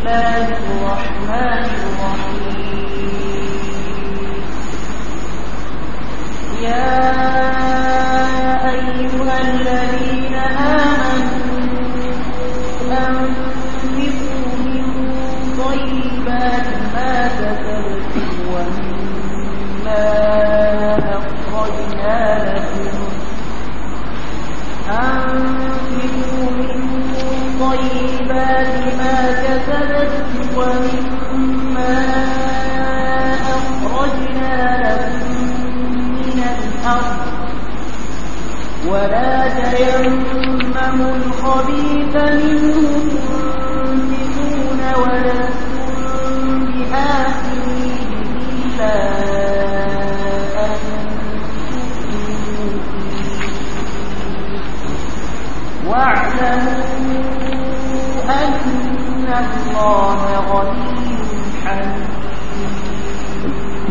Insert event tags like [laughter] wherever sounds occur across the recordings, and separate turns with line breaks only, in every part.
الله الرحمن الرحيم يا أيها الذين آمنوا أنفقوا من طيبات ما كسبتم ومما أخرجنا لكم أنفقوا طيبات ما كسبت ومما أخرجنا لكم من الأرض ولا تيمموا الخبيث منه تنبتون ولستم بآخره إلا واعلموا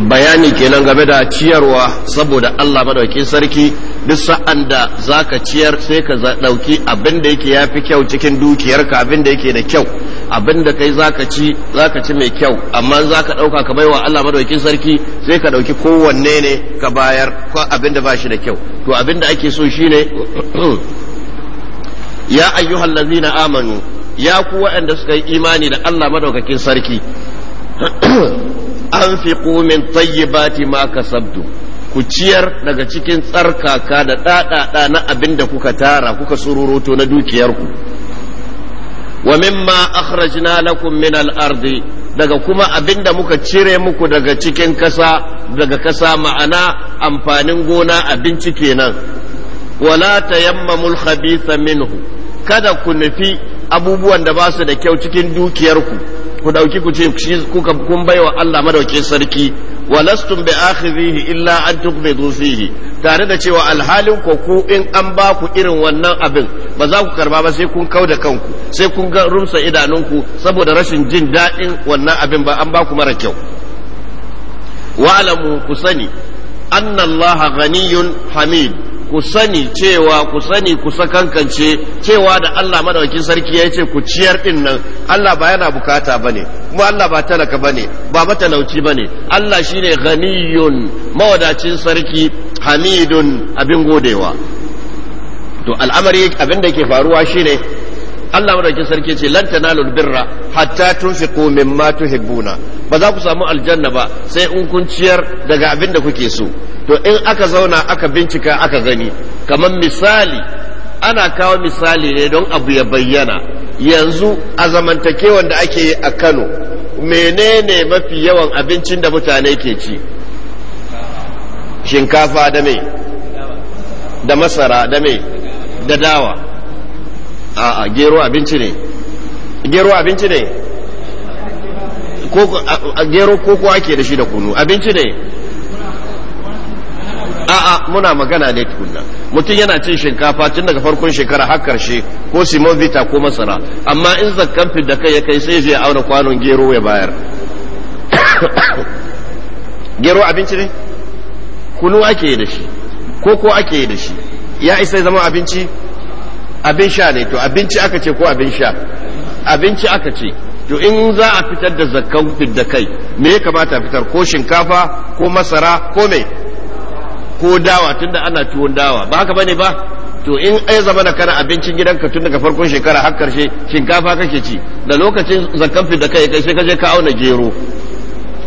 bayani kenan game da ciyarwa saboda Allah madaukin sarki duk sa'an da zaka ciyar sai ka dauki abin da yake yafi kyau cikin dukiyarka abin da yake da kyau abin da kai zaka ci zaka ci mai kyau amma zaka dauka ka baiwa Allah madaukin sarki sai ka dauki kowanne ne ka bayar ko abin da bashi da kyau to abin da ake so shine [clears throat] ya ayyuhallazina amanu ya ku waɗanda suka yi imani da Allah madaukakin sarki [clears throat] anfiqu min tayyibati ma kasabtu ku ciyar daga cikin tsarkaka da ɗaɗaɗa na abin da kuka tara kuka sururoto na dukiyarku wa mimma akhrajna lakum min al-ardi daga kuma abin da muka cire muku daga cikin kasa daga kasa ma'ana amfanin gona abinci kenan wala tayammamul khabitha minhu kada ku nufi abubuwan da ba su da kyau cikin dukiyarku ku dauki ku ce kuka kun baiwa Allah madaukin sarki walastum bi akhizihi illa an tuqbidu fihi tare da cewa alhalin ko ku in an ba ku irin wannan abin ba za ku karba ba sai kun kau da kanku sai kun ga rumsa idanunku saboda rashin jin daɗin wannan abin ba an ba ku mara kyau wa'lamu ku sani anna Allah ghaniyyun hamid ku sani cewa ku sani ku sakankance cewa da Allah madaukin sarki ya ce ku ciyar din nan Allah ba yana bukata bane kuma Allah ba talaka bane ba matalauci bane Allah shine ghaniyun mawadacin sarki hamidun abin godewa to al'amari abin da ke faruwa shine Allah madaukin sarki ce lan tanalul birra hatta tunfiqu mimma tuhibbuna ba za ku samu aljanna ba sai in kun ciyar daga abin da kuke so to in aka zauna aka bincika aka gani kamar misali ana kawo misali ne don abu ya bayyana yanzu a zamantakewan da ake yi a Kano menene mafi yawan abincin da mutane ke ci shinkafa da me da masara da me da dawa a gero abinci ne gero abinci ne gero koko ake da shi da kunu abinci ne a'a muna magana ne tukunna mutum yana cin shinkafa tun daga farkon shekara har karshe ko simon Vita ko masara amma in zakkan da kai ya kai sai zai auna kwanon gero ya bayar [coughs] gero abinci ne kunu ake da shi koko ake da shi ya isa zama abinci abin sha ne to abinci aka ce ko abin sha abinci aka ce to in za a fitar da zakkan da kai me ya kamata a fitar ko shinkafa ko masara ko me ko dawa tunda ana tuwon dawa ba haka bane ba to in ai zama da kana abincin gidanka tun daga farkon shekara har karshe shinkafa kake ci da lokacin zakkan da kai kai sai ka je ka auna gero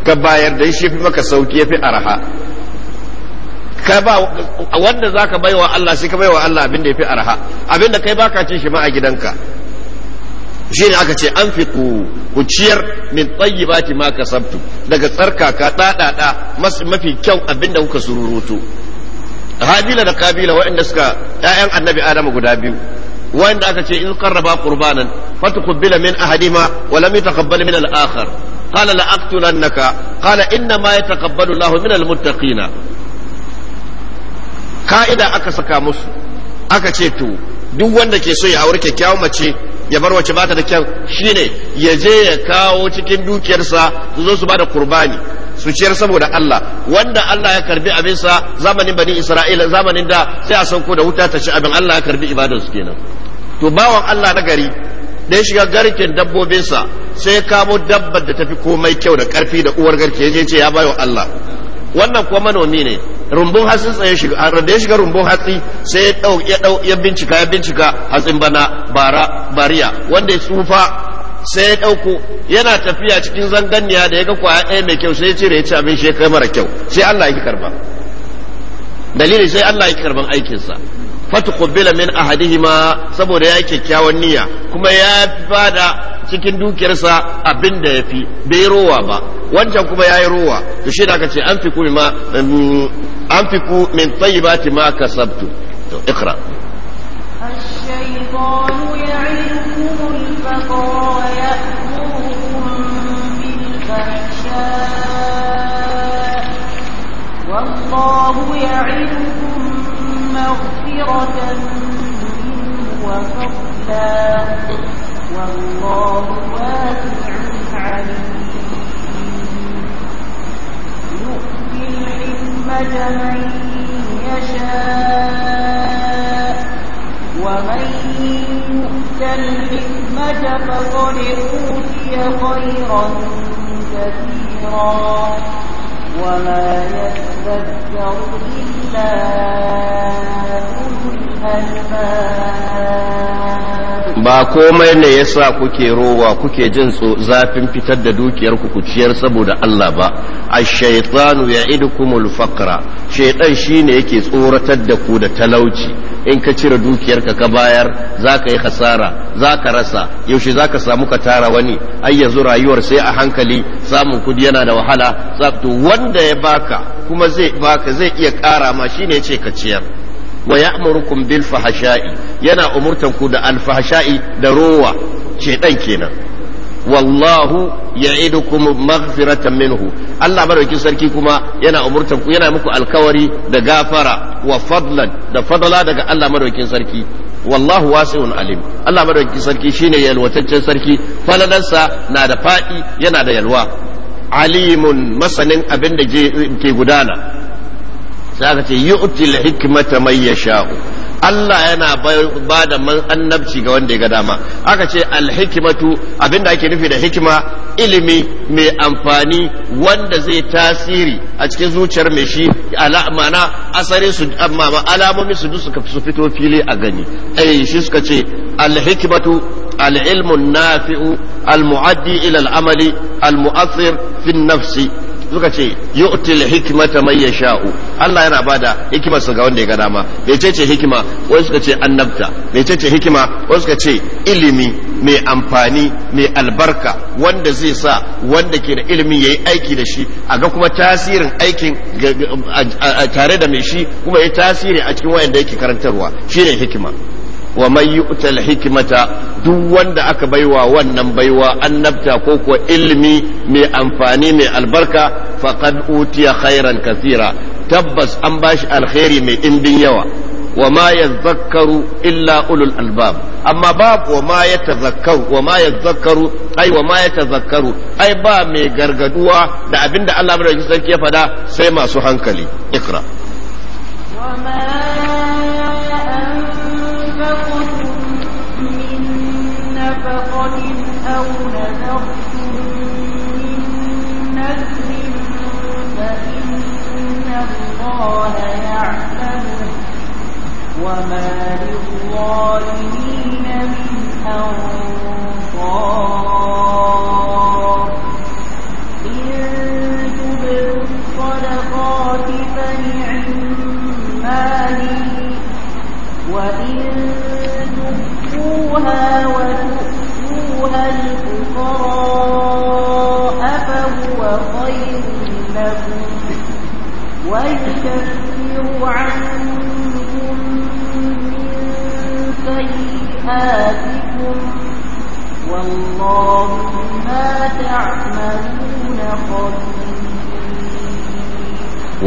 ka bayar da shi fi maka sauki ya fi araha ka ba wanda zaka baiwa Allah sai ka baiwa Allah abin da yafi arha abin da kai baka cin shi ma a gidanka shine aka ce an fi ku ciyar min tayyibati ma kasabtu daga tsarkaka dadada mafi kyau abin da kuka sururutu habila da kabila waɗanda suka ƴaƴan annabi adamu guda biyu wanda aka ce in qarraba qurbanan fatuqbila min ahadima wa lam yutaqabbal min al-akhar qala la aqtulannaka qala inna ma yataqabbalu Allahu min al-muttaqina ka'ida aka saka musu aka ce to duk wanda ke so ya aure kyakkyawan mace ya bar wace bata da kyau shine ya je ya kawo cikin dukiyarsa su zo su bada kurbani su ciyar saboda Allah wanda Allah ya karbi abinsa zamanin bani Isra'ila zamanin da sai a sauko da wuta ta ci abin Allah ya karbi su kenan to bawan Allah na gari da ya shiga garken dabbobinsa sai ya kamo dabbar da tafi komai kyau da karfi da uwar garke ya je ce ya bayo Allah wannan kuwa manomi ne rumbun hatsin tsaye shiga da ya shiga rumbun hatsi sai ya dau ya bincika ya bincika hatsin bana bara bariya wanda ya tsufa sai ya dauko yana tafiya cikin zanganniya da ya ga kwaya ɗaya mai kyau sai ya cire ya ci abin shi kai mara kyau sai Allah ya karba dalili sai Allah ya karban aikinsa fatuqbila min ahadihima saboda ya kyakkyawan niyya kuma ya bada cikin dukiyarsa abin da yafi bai rowa ba wancan kuma yayi rowa to shi da aka ce an fiku ma an fiku min tayyibati ma kasabtu to ikra الشيطان يعدكم الفقر
والله يعدكم مغفرة منه وفضلا والله واسع عليم يؤتي الحكمة من يشاء ومن يؤت الحكمة فقد أوتي خيرا كثيرا وما يتذكر إلا إلا
أولي الألباب ba komai ne yasa kuke rowa kuke jin zafin fitar da dukiyar kuciyar saboda Allah ba ash-shaytanu ya'idukumul faqra shaytan shine yake tsoratar da ku da talauci in ka cire dukiyarka ka bayar zaka yi hasara zaka rasa yaushe zaka samu ka tara wani ai yanzu rayuwar sai a hankali samun kudi yana da wahala to wanda ya baka kuma zai baka zai iya kara ma shine yace ka ciyar wa ya'murukum bil fahsha'i yana umurtan ku da al fahsha'i da rowa dan kenan wallahu ya'idukum maghfiratan minhu Allah madaukakin sarki kuma yana umurtan ku yana muku alkawari da gafara wa fadlan da fadala daga Allah madaukakin sarki wallahu wasi'un alim Allah madaukakin sarki shine yalwataccen sarki falalansa na da fadi yana da yalwa alimun masanin abin da ke gudana sai aka ce yu'til mai ya yasha'u Allah yana ba da annabci ga wanda ya ga dama aka ce alhikimatu abinda ake nufi da hikima ilimi mai amfani wanda zai tasiri a cikin zuciyar mai shi ma'ana asari su amma alamomi su suka su fito fili a gani eh shi suka ce alhikimatu al'ilmun nafi'u almu'addi ila al'amali almu'athir fi nafsi suka ce yu'til hikmata man yasha'u Allah yana bada hikimarsa ga wanda ya ga dama mecece hikima wai suka ce annabta mecece hikima wai suka ce ilimi mai amfani mai albarka wanda zai sa wanda ke da ilimi yayi aiki da shi a ga kuma tasirin aikin tare da mai shi kuma ya tasiri a cikin wayanda yake karantarwa shine hikima wa man yu'tal hikmata duk wanda aka baiwa wannan baiwa annabta ko kuwa ilimi mai amfani mai albarka faqad utiya khairan kathira tabbas an bashi alkhairi mai indin yawa wa ma yadhakkaru illa ulul albab amma babu wa ma yatazakkaru wa ma yadhakkaru ai wa ma yatazakkaru ai ba mai gargaduwa da abinda Allah madaukakin sarki ya fada sai masu hankali ikra wa ma
يَرَوْنَ نَقْصٌ مِّن نَّسْلٍ فَإِنَّ اللَّهَ يَعْلَمُهُ وَمَا لِلظَّالِمِينَ مِنْ أَنصَارٍ إِن تُبْدُوا الصَّدَقَاتِ فَنِعِمَّا هِيَ وَإِن تُخْفُوهَا وَتُؤْتُوهَا تؤتونها الفقراء فهو خير لكم ويكفر عنكم من سيئاتكم والله ما تعملون خبير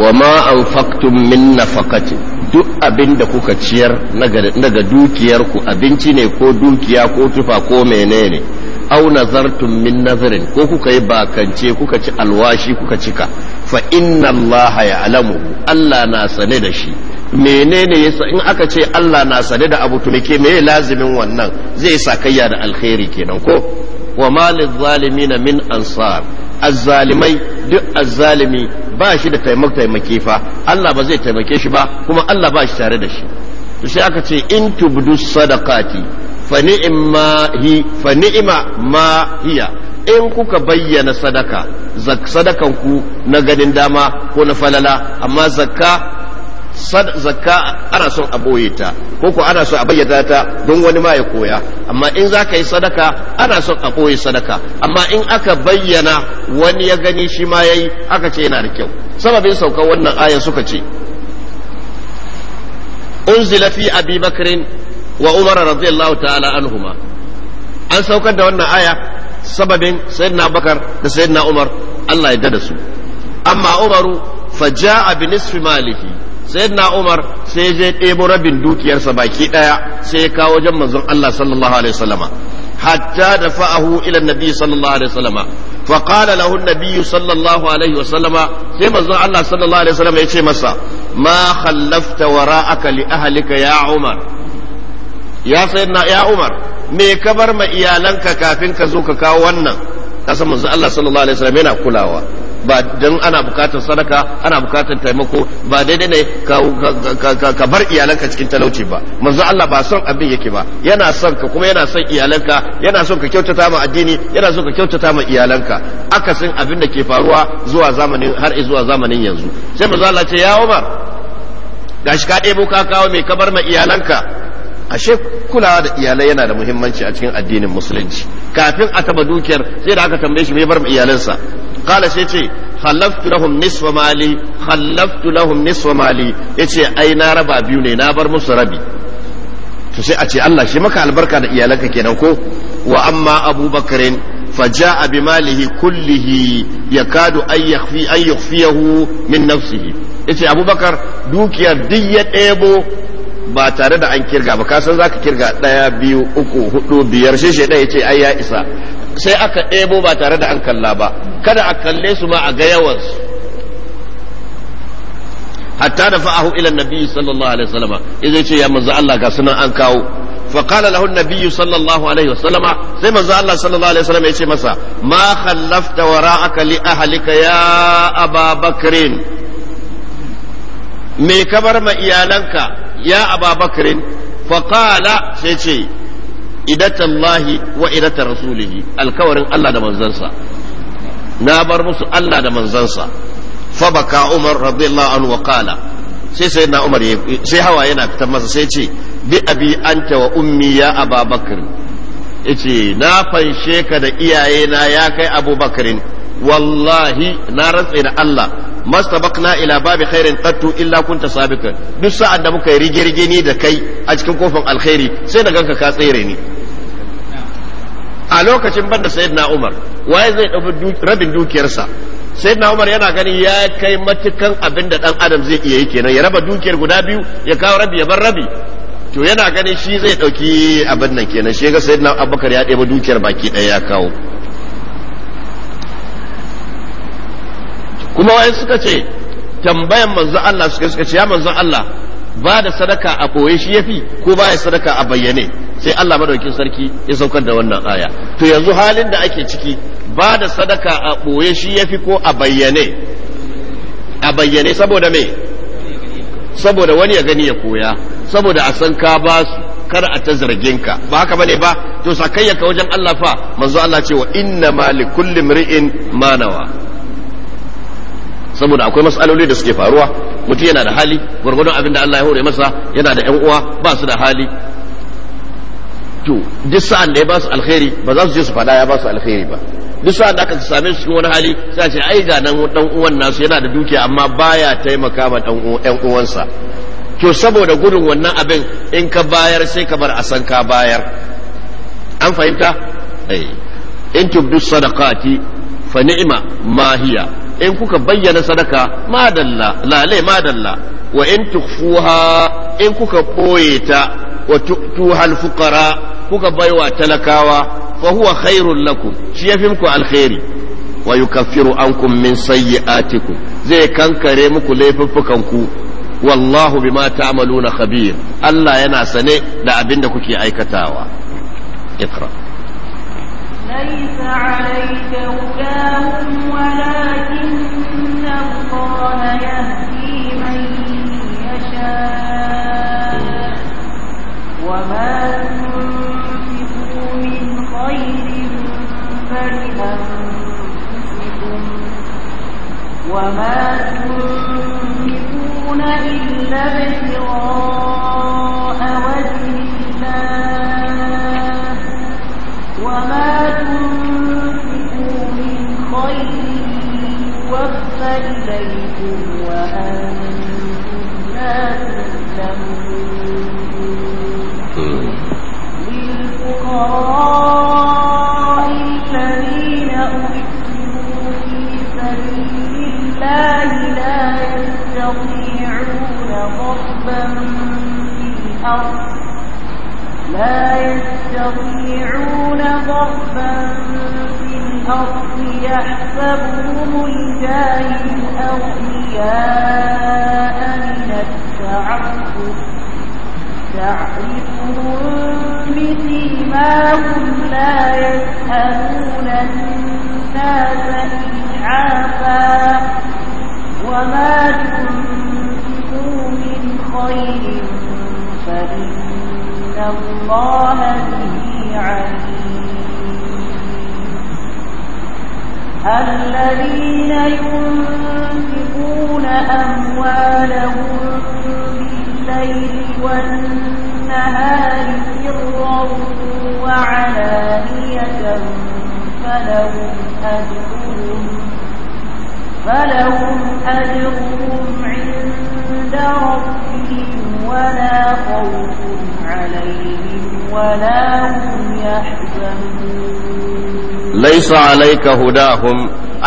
وما أنفقتم من نفقة duk abin da kuka ciyar daga dukiyarku abinci ne ko dukiya ko tufa ko menene au nazartum min nazarin ko kuka yi bakance kuka ci alwashi kuka cika fa inna allaha ya'lamuhu Allah na sane da shi menene yasa in aka ce Allah na sane da abu tunike me lazimin wannan zai sakayya da alkhairi kenan ko wa malil zalimin min ansar azzalimai duk azzalimi ba shi da taimak taimake fa Allah ba zai taimake shi ba kuma Allah ba shi tare da shi to sai aka ce in tubdu sadaqati fa ni'ma hi fa ni'ma ma hiya in kuka bayyana sadaka sadakan ku na ganin dama ko na falala amma zakka zakka ana son a boye ta ko ko ana son a bayyana ta don wani ma ya koya amma in za ka yi sadaka ana son a boye sadaka amma in aka bayyana wani ya gani shi ma yayi aka ce yana da kyau sababin saukar wannan aya suka ce unzila fi abi bakrin wa umar radiyallahu ta'ala anhuma an saukar da wannan aya sababin sayyidina bakar da sayyidina umar Allah ya da su amma umaru faja'a bi nisfi malihi sayyidina Umar sai zai ɗebo rabin dukiyarsa baki ɗaya sai ya kawo wajen manzon Allah sallallahu alaihi wasallama hatta da fa'ahu ila nabi sallallahu alaihi wasallama fa qala lahu nabi sallallahu alaihi wasallama sai manzon Allah sallallahu alaihi wasallama ya ce masa ma khallafta wara'aka li ahlika ya Umar ya sayyidina ya Umar me ka bar ma iyalanka kafin ka zo ka kawo wannan kasan manzon Allah sallallahu alaihi wasallama yana kulawa ba don ana bukatar sadaka ana bukatar taimako ba daidai ne ka bar iyalanka cikin talauci ba manzo Allah ba son abin yake ba yana son ka kuma yana son iyalanka yana son ka kyautata ma addini yana son ka kyautata ma iyalanka akasin abin da ke faruwa zuwa zamanin har zuwa zamanin yanzu sai manzo Allah ce ya Umar gashi ka ɗebo ka kawo mai kabar ma iyalanka ashe kulawa da iyalai yana da muhimmanci a cikin addinin musulunci kafin a taba dukiyar sai da aka tambaye shi me bar iyalansa qala sai ce khallaftu lahum nisfa mali khallaftu lahum nisfa mali yace ai na raba biyu ne na bar musu rabi to sai a ce Allah shi maka albarka da iyalanka kenan ko wa amma abubakarin فجاء بماله كله يكاد أن يخفي أن يخفيه من نفسه yace abubakar dukiyar diya ya ɗebo ba tare da an kirga ba ka san zaka kirga ɗaya biyu uku hudu biyar shi shaidan yace ai ya isa sai aka ɗebo ba tare da an kalla ba kada a kalle su ma a ga yawansu hatta da fa'ahu ila nabi sallallahu alaihi wasallama idan ce ya manzo Allah ga sunan an kawo fa qala lahu nabi sallallahu alaihi wasallama sai manzo Allah sallallahu alaihi wasallama yace masa ma khallafta wara'aka li ya Aba Bakrin me ka bar ma iyalanka ya Aba Bakrin sai ce idatallahi wa idata rasulihi alkawarin Allah da manzansa na bar musu Allah da manzansa fa baka Umar radiyallahu anhu wa qala sai sai na Umar sai hawa yana fitar masa sai ce bi abi anta wa ummi ya Ababakar yace na fanshe ka da iyaye na ya kai Abubakar wallahi na rantsa da Allah mastabaqna ila babi khairin qattu illa kunta sabiqan duk sa'ad da muka yi rige-rige ni da kai a cikin kofin alkhairi sai da ganka ka tsere ni a lokacin banda sayyidina Umar waye zai ɗauki rabin dukiyarsa sayyidina Umar yana gani ya kai matukan abinda da dan adam zai iya yi kenan ya raba dukiyar guda biyu ya kawo rabi ya bar rabi to yana gani shi zai dauki abin nan kenan shi ga sayyidina Abubakar ya ɗeba dukiyar baki daya ya kawo kuma waye suka ce tambayan manzo Allah suka suka ce ya manzo Allah ba da sadaka a koye shi yafi ko ba ya sadaka a bayyane sai Allah madaukin sarki ya saukar da wannan aya to yanzu halin da ake ciki ba da sadaka a ɓoye shi yafi ko a bayyane a bayyane saboda me saboda wani ya gani ya koya saboda a san ka ba su kar a ta zargin ka ba haka bane ba to sakayya ka wajen Allah fa manzo Allah cewa inna ma kulli mri'in manawa saboda akwai matsaloli da suke faruwa mutum yana da hali gwargwadon abinda da Allah ya hore masa yana da yan uwa ba su da hali to duk sa'an da ya ba su alkhairi ba za su je su fada ya ba su alkhairi ba duk sa'an da aka same su wani hali sai ce ai ga nan dan uwan nasu yana da dukiya amma baya taimaka ma dan uwansa to saboda gudun wannan abin in ka bayar sai ka bar a san ka bayar an fahimta ai eh. in tubdu sadaqati fa ni'ma ma hiya in kuka bayyana sadaka madalla ma madalla wa in tukhfuha in kuka ɓoye ta wa tu'tuha al-fuqara kuka baiwa talakawa fa huwa khairul lakum shi yafi muku alkhairi wa yukaffiru ankum min sayyi'atikum zai kankare muku laifuffukan ku wallahu bima ta'maluna khabir Allah yana sane da abin da kuke aikatawa اقرأ
ليس عليك هداهم ولكن الله يهدي من يشاء وما تنفع خير فلأنفسكم
وما تنفقون إلا ابتغاء
وجه الله وما تنفقوا من خير يوفى إليكم وأنتم لا تظلمون للفقراء الله لا يستطيعون ضربا في الأرض لا يستطيعون ضربا في الأرض يحسبهم الجاهل أغنياء من التعبد تعرفهم بسيماهم لا يسألون الناس إلحافا وما تنفقوا من خير فإن الله به عليم الذين ينفقون أموالهم بالليل والنهار سرا وعلانية فلهم أجرهم فلهم أجرهم عند ربهم ولا خوف عليهم ولا هم يحزنون
ليس عليك هداهم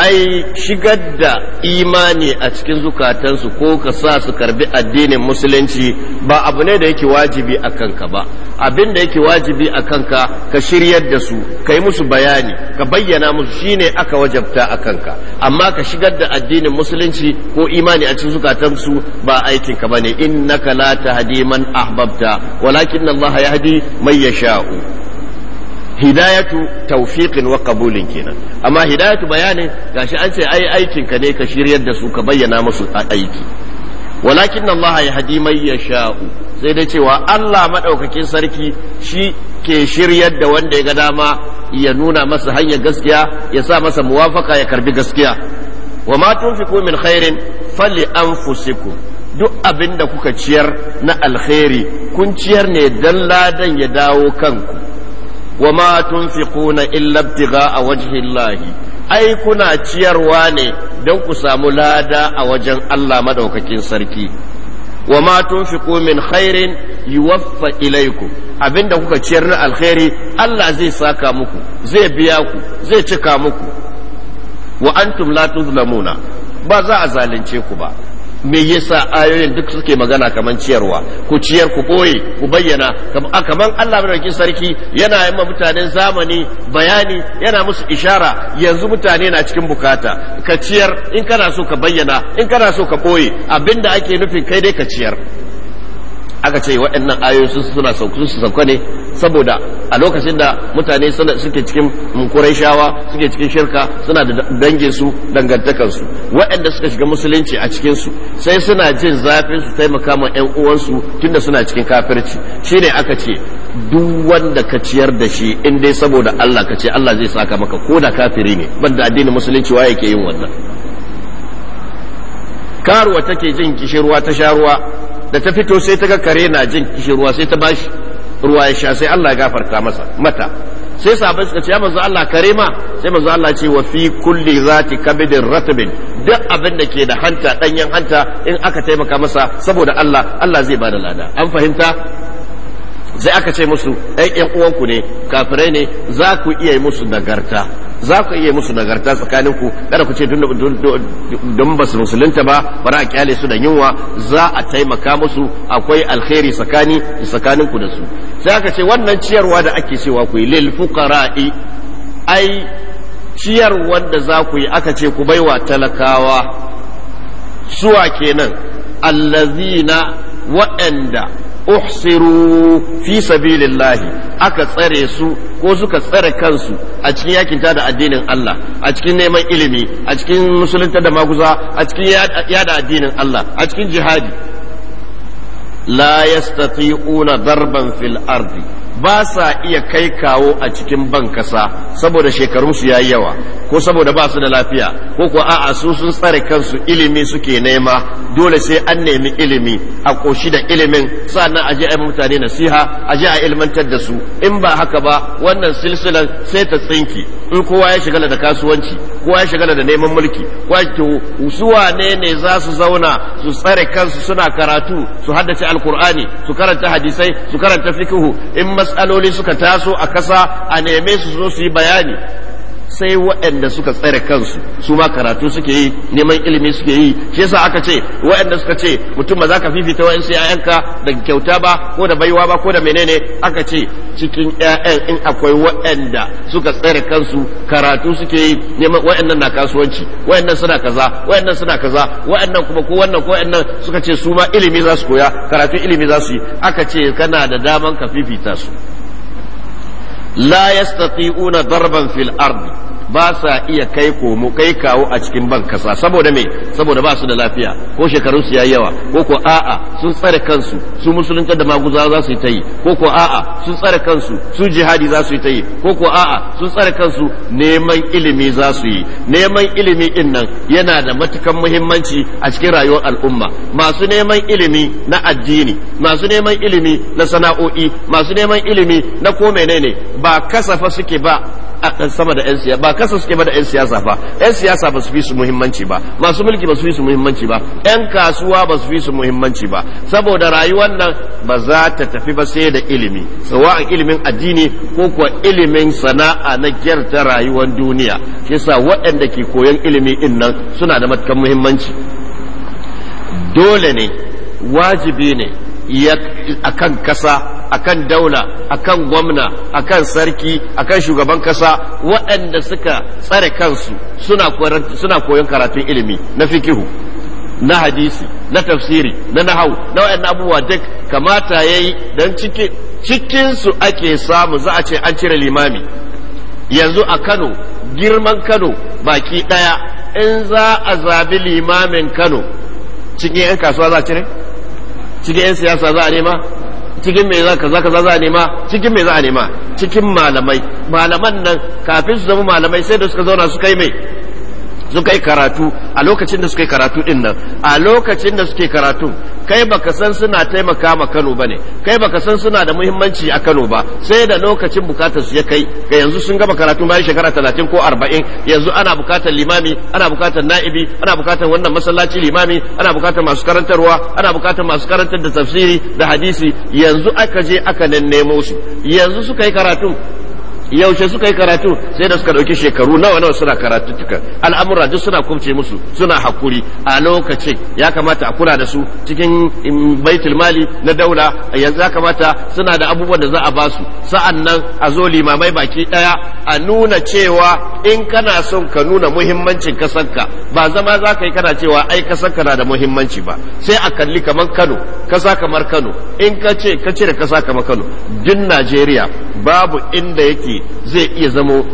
ai shigar da imani a cikin zukatansu ko ka sa su karbi addinin musulunci ba abu ne da yake wajibi a kanka ba abin da yake wajibi a kanka ka shiryar da su ka yi musu bayani ka bayyana musu shine aka wajabta a kanka amma ka shigar da addinin musulunci ko imani a cikin zukatansu ba aikin ka bane innaka la tahdi man ahbabta walakin Allah yahdi man yasha'u hidayatu tawfiqin wa qabulin kenan amma hidayatu bayanin gashi an ce ai aikin ka ne ka shiryar da su ka bayyana musu aiki walakin Allah yahdi man yasha'u sai dai cewa Allah maɗaukakin sarki shi ke shiryar da wanda ya ga dama ya nuna masa hanyar gaskiya ya sa masa muwafaka ya karbi gaskiya wa ma tunfiqu min khairin fali anfusikum duk abin da kuka ciyar na alkhairi kun ciyar ne dan ladan ya dawo kanku wa ma tunfiquna illa a wajhi Allah ai kuna ciyarwa ne don ku samu lada a wajen Allah madaukakin sarki wa ma tunfiqu min khairin yuwaffa ilaykum abinda kuka ciyar na alkhairi Allah zai saka muku zai biya ku zai cika muku wa antum la tuzlamuna ba za a zalunce ku ba me yasa ayoyin duk suke magana kaman ciyarwa ku ciyar ku boye ku bayyana kaman Allah madaukakin sarki yana yi mutanen zamani bayani yana musu ishara yanzu mutane na cikin bukata ka ciyar in kana so ka bayyana in kana so ka ɓoye abinda ake nufin kai dai ka ciyar aka ce waɗannan ayoyi suna sauku su sauka ne saboda a lokacin da mutane suke cikin shawa suke cikin shirka suna da dangin su dangantakar waɗanda suka shiga musulunci a cikin su sai suna jin zafin su taimaka ma ƴan uwansu tunda suna cikin kafirci shine aka ce duk wanda ka ciyar da shi in dai saboda Allah ka ce Allah zai saka maka ko da kafiri ne banda addinin musulunci wa yake yin wannan karuwa take jin kishirwa ta sharuwa. da ta fito sai ta ga kare na jin ruwa sai ta bashi ruwa ya sha sai Allah ya gafarta masa mata sai sahabbai suka ce ya manzo Allah kare ma sai manzo Allah ce wa fi kulli zati kabidin ratbin duk abin da ke da hanta danyen hanta in aka taimaka masa saboda Allah Allah zai bada lada an fahimta sai aka ce musu ɗan uwanku ne kafirai ne za ku iya yi musu nagarta za ku iya musu nagarta tsakaninku kada ku ce don ba musulunta ba bara a kyale su da yunwa za a taimaka musu akwai alkhairi tsakani tsakanin ku da su sai aka ce wannan ciyarwa da ake cewa ku yi lil fuqara'i ai ciyarwar da za ku yi aka ce ku baiwa talakawa suwa kenan allazina waɗanda uhsiru fi sabilillahi aka tsare su ko suka tsare kansu a cikin yakin da addinin Allah a cikin neman ilimi a cikin musulunta da maguza a cikin yada addinin Allah a cikin jihadi la yastati'una darban fil ardi ba sa iya kai kawo a cikin ban kasa saboda shekarunsu ya yi yawa ko saboda ba su da lafiya ko kuwa a'a su sun tsare kansu ilimi suke nema dole sai an nemi ilimi a koshi da ilimin sannan a je a mutane nasiha a je a ilmantar da su in ba haka ba wannan silsilar sai ta tsinki in kowa ya shigala da kasuwanci kowa ya shigala da neman mulki kowa to su wane ne za su zauna su tsare kansu suna karatu su haddace alkur'ani su karanta hadisai su karanta fikihu in matsaloli suka taso a kasa a neme su zo su yi bayani sai waɗanda suka tsare kansu su ma karatu suke yi neman ilimi suke yi shi yasa aka ce waɗanda suka ce mutum ba za ka fifita wa sai ƴaƴanka da kyauta ba ko da baiwa ba ko da menene aka ce cikin ƴaƴan in akwai waɗanda suka tsare kansu karatu suke yi neman waɗannan na kasuwanci waɗannan suna kaza waɗannan suna kaza waɗannan kuma ko wannan ko waɗannan suka ce su ma ilimi za su koya karatu ilimi za su yi aka ce kana da daman ka fifita su لا يستطيعون ضربا في الأرض ba sa iya kai komo kai kawo a cikin ban kasa saboda me saboda ba su da lafiya ko shekarun su yayi yawa ko ko a'a sun tsare kansu su musulunta da maguza za su yi ta yi ko ko a'a sun tsare kansu su jihadi za su yi ta yi ko ko a'a sun tsare kansu neman ilimi za su yi neman ilimi din nan yana da matukan muhimmanci a cikin rayuwar al'umma masu neman ilimi na addini masu neman ilimi na sana'o'i masu neman ilimi na ko menene ba kasafa suke ba sama da 'yan siyasa ba kasa suke ba da 'yan siyasa ba 'yan siyasa ba su fi su muhimmanci ba masu mulki ba su fi su muhimmanci ba 'yan kasuwa ba su fi su muhimmanci ba saboda rayuwar nan ba za ta tafi ba sai da ilimi sawa a ilimin addini ko kuwa ilimin sana'a na gyarta rayuwar duniya shi yasa waɗanda ke koyon ilimi din nan suna da matukan muhimmanci dole ne wajibi ne akan kasa akan daula akan gwamna akan sarki akan shugaban kasa waɗanda suka tsare kansu suna koyon karatun ilimi na fikihu na hadisi na tafsiri na nahau na waɗanda abubuwa duk kamata ya yi don cikinsu ake samu za a ce an cire limami yanzu a kano girman kano baki ɗaya in za a zabi limamin kano cikin 'yan kasuwa za a cire? cikin 'yan siyasa za a nema cikin mai za kaza kaza za a nema cikin mai za a nema cikin malamai malaman nan kafin su zama malamai sai da suka zauna suka yi mai suka yi karatu a lokacin da suka yi karatu din nan a lokacin da suke karatu kai baka san suna taimaka ma Kano bane kai baka san suna da muhimmanci a Kano ba sai da lokacin bukatar su ya kai ga yanzu sun gaba karatu bayan shekara 30 ko 40 yanzu ana bukatar limami ana bukatar na'ibi ana bukatar wannan masallaci limami ana bukatar masu karantarwa ana bukatar masu karantar da tafsiri da hadisi yanzu aka je aka nemo su yanzu suka yi karatu yaushe suka yi karatu sai da suka ɗauki shekaru nawa nawa suna karatu tuka al'amura duk suna kumce musu suna hakuri a lokacin ya kamata a kula da su cikin baitul mali na daula yanzu ya kamata suna da abubuwan da za a basu sa'annan a zo limamai baki ɗaya a nuna cewa in kana son ka nuna muhimmancin kasanka ba zama za ka yi kana cewa ai kasanka na da muhimmanci ba sai a kalli kamar kano kasa kamar kano in ka ce ka cire kasa kamar kano duk najeriya babu inda yake zai iya zamo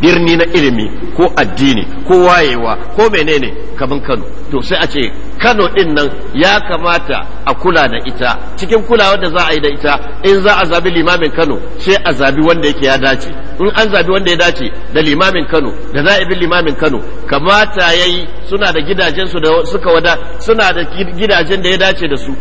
birni na ilimi ko addini ko wayewa ko menene kaman kano to sai a ce kano din nan ya kamata a kula da ita cikin kulawar da za a yi da ita in za a zabi limamin kano sai a zabi wanda yake ya dace in an zabi wanda ya dace da limamin kano da na'ibin limamin kano kamata yayi suna da gidajen su da suka wada suna da gidajen da ya dace da su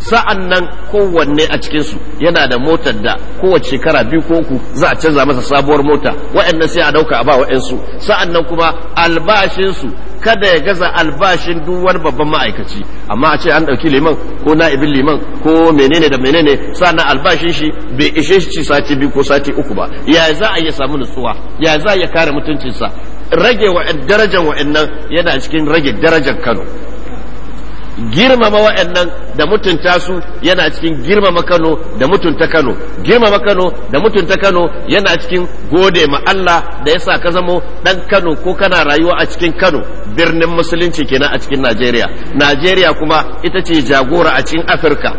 sa'an nan kowanne a cikinsu yana da motar da kowace shekara biyu ko uku za a canza masa sabuwar mota wa'annan sai a dauka a ba wa'ansu sa'an nan kuma albashinsu kada ya gaza albashin duwar babban ma'aikaci amma a ce an ɗauki liman ko na'ibin liman ko menene da menene sa’an albashin shi bai ishe shi sati biyu ko sati uku ba ya za a iya samu nutsuwa ya za a iya kare mutuncinsa rage wa darajar wa'annan yana cikin rage darajar Kano girmama waɗannan da mutunta su yana cikin girmama Kano da mutunta Kano girmama Kano da mutunta Kano yana cikin gode ma Allah da yasa ka zamo dan Kano ko kana rayuwa a cikin Kano birnin musulunci kenan a cikin Najeriya Najeriya kuma ita ce jagora a cikin Afirka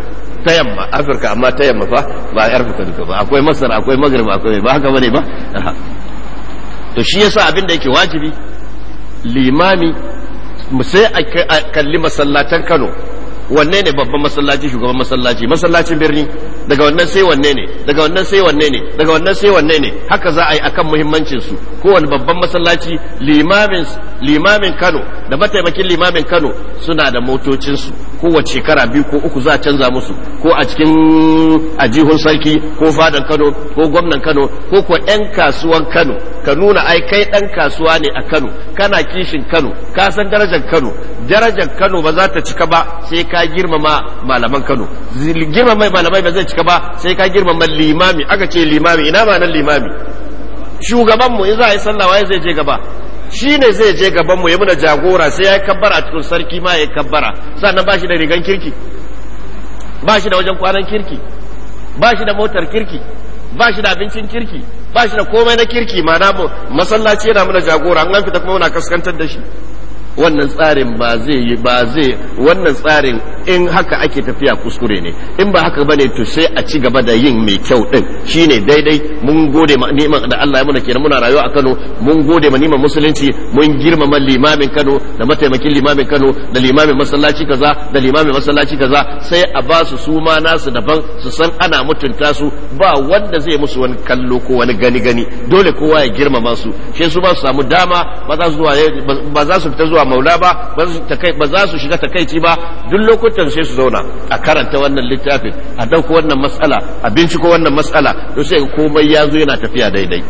ta yamma Afirka amma ta yamma fa ba Afirka duka ba akwai Masar akwai Maghrib akwai ba haka bane ba to shi yasa abin da yake wajibi limami sai a kalli masallatan Kano wanne ne babban masallaci shugaban masallaci masallacin birni daga wannan sai wanne ne daga wannan sai wanne ne daga wannan sai wanne ne haka za a yi akan muhimmancin su kowane babban masallaci limamin limamin Kano da mataimakin limamin Kano suna da motocin su kowace shekara biyu ko uku za a canza musu ko a cikin ajihun sarki ko fadan kano ko gwamnan kano ko kuwa 'yan kasuwan kano ka nuna ai kai ɗan kasuwa ne a kano kana kishin kano ka san darajar kano darajar kano ba za ta cika ba sai ka girmama malaman kano girmama malamai ba zai cika ba sai ka girmama limami aka ce limami ina ma nan limami shugabanmu in za a yi sallah waye zai je gaba Shi ne zai je gabanmu mu ya muna jagora sai ya kabbara a cikin sarki ma ya yi kabbara sannan ba shi da rigan kirki ba shi da wajen kwanan kirki ba shi da motar kirki ba shi da abincin kirki ba shi da komai na kirki ma na masallaci yana muna jagora an fita kuma muna kaskantar da shi wannan tsarin ba zai yi ba zai wannan tsarin in haka ake tafiya kuskure ne in ba haka bane to sai a ci gaba da yin mai kyau din shine daidai mun gode ma ni'imar da Allah ya muna kenan muna rayuwa a Kano mun gode ma ni'imar musulunci mun girmama limamin Kano da mataimakin limamin Kano da limamin masallaci kaza da limamin masallaci kaza sai a ba su su ma nasu daban su san ana mutunta su ba wanda zai musu wani kallo ko wani gani gani dole kowa ya girmama su sai su ba su samu dama ba za su ba za su fita zuwa zuwa maula ba ba za su shiga takaici ba duk lokutan sai su zauna a karanta wannan littafin a dauko wannan matsala a binciko wannan matsala to sai komai ya zo yana tafiya daidai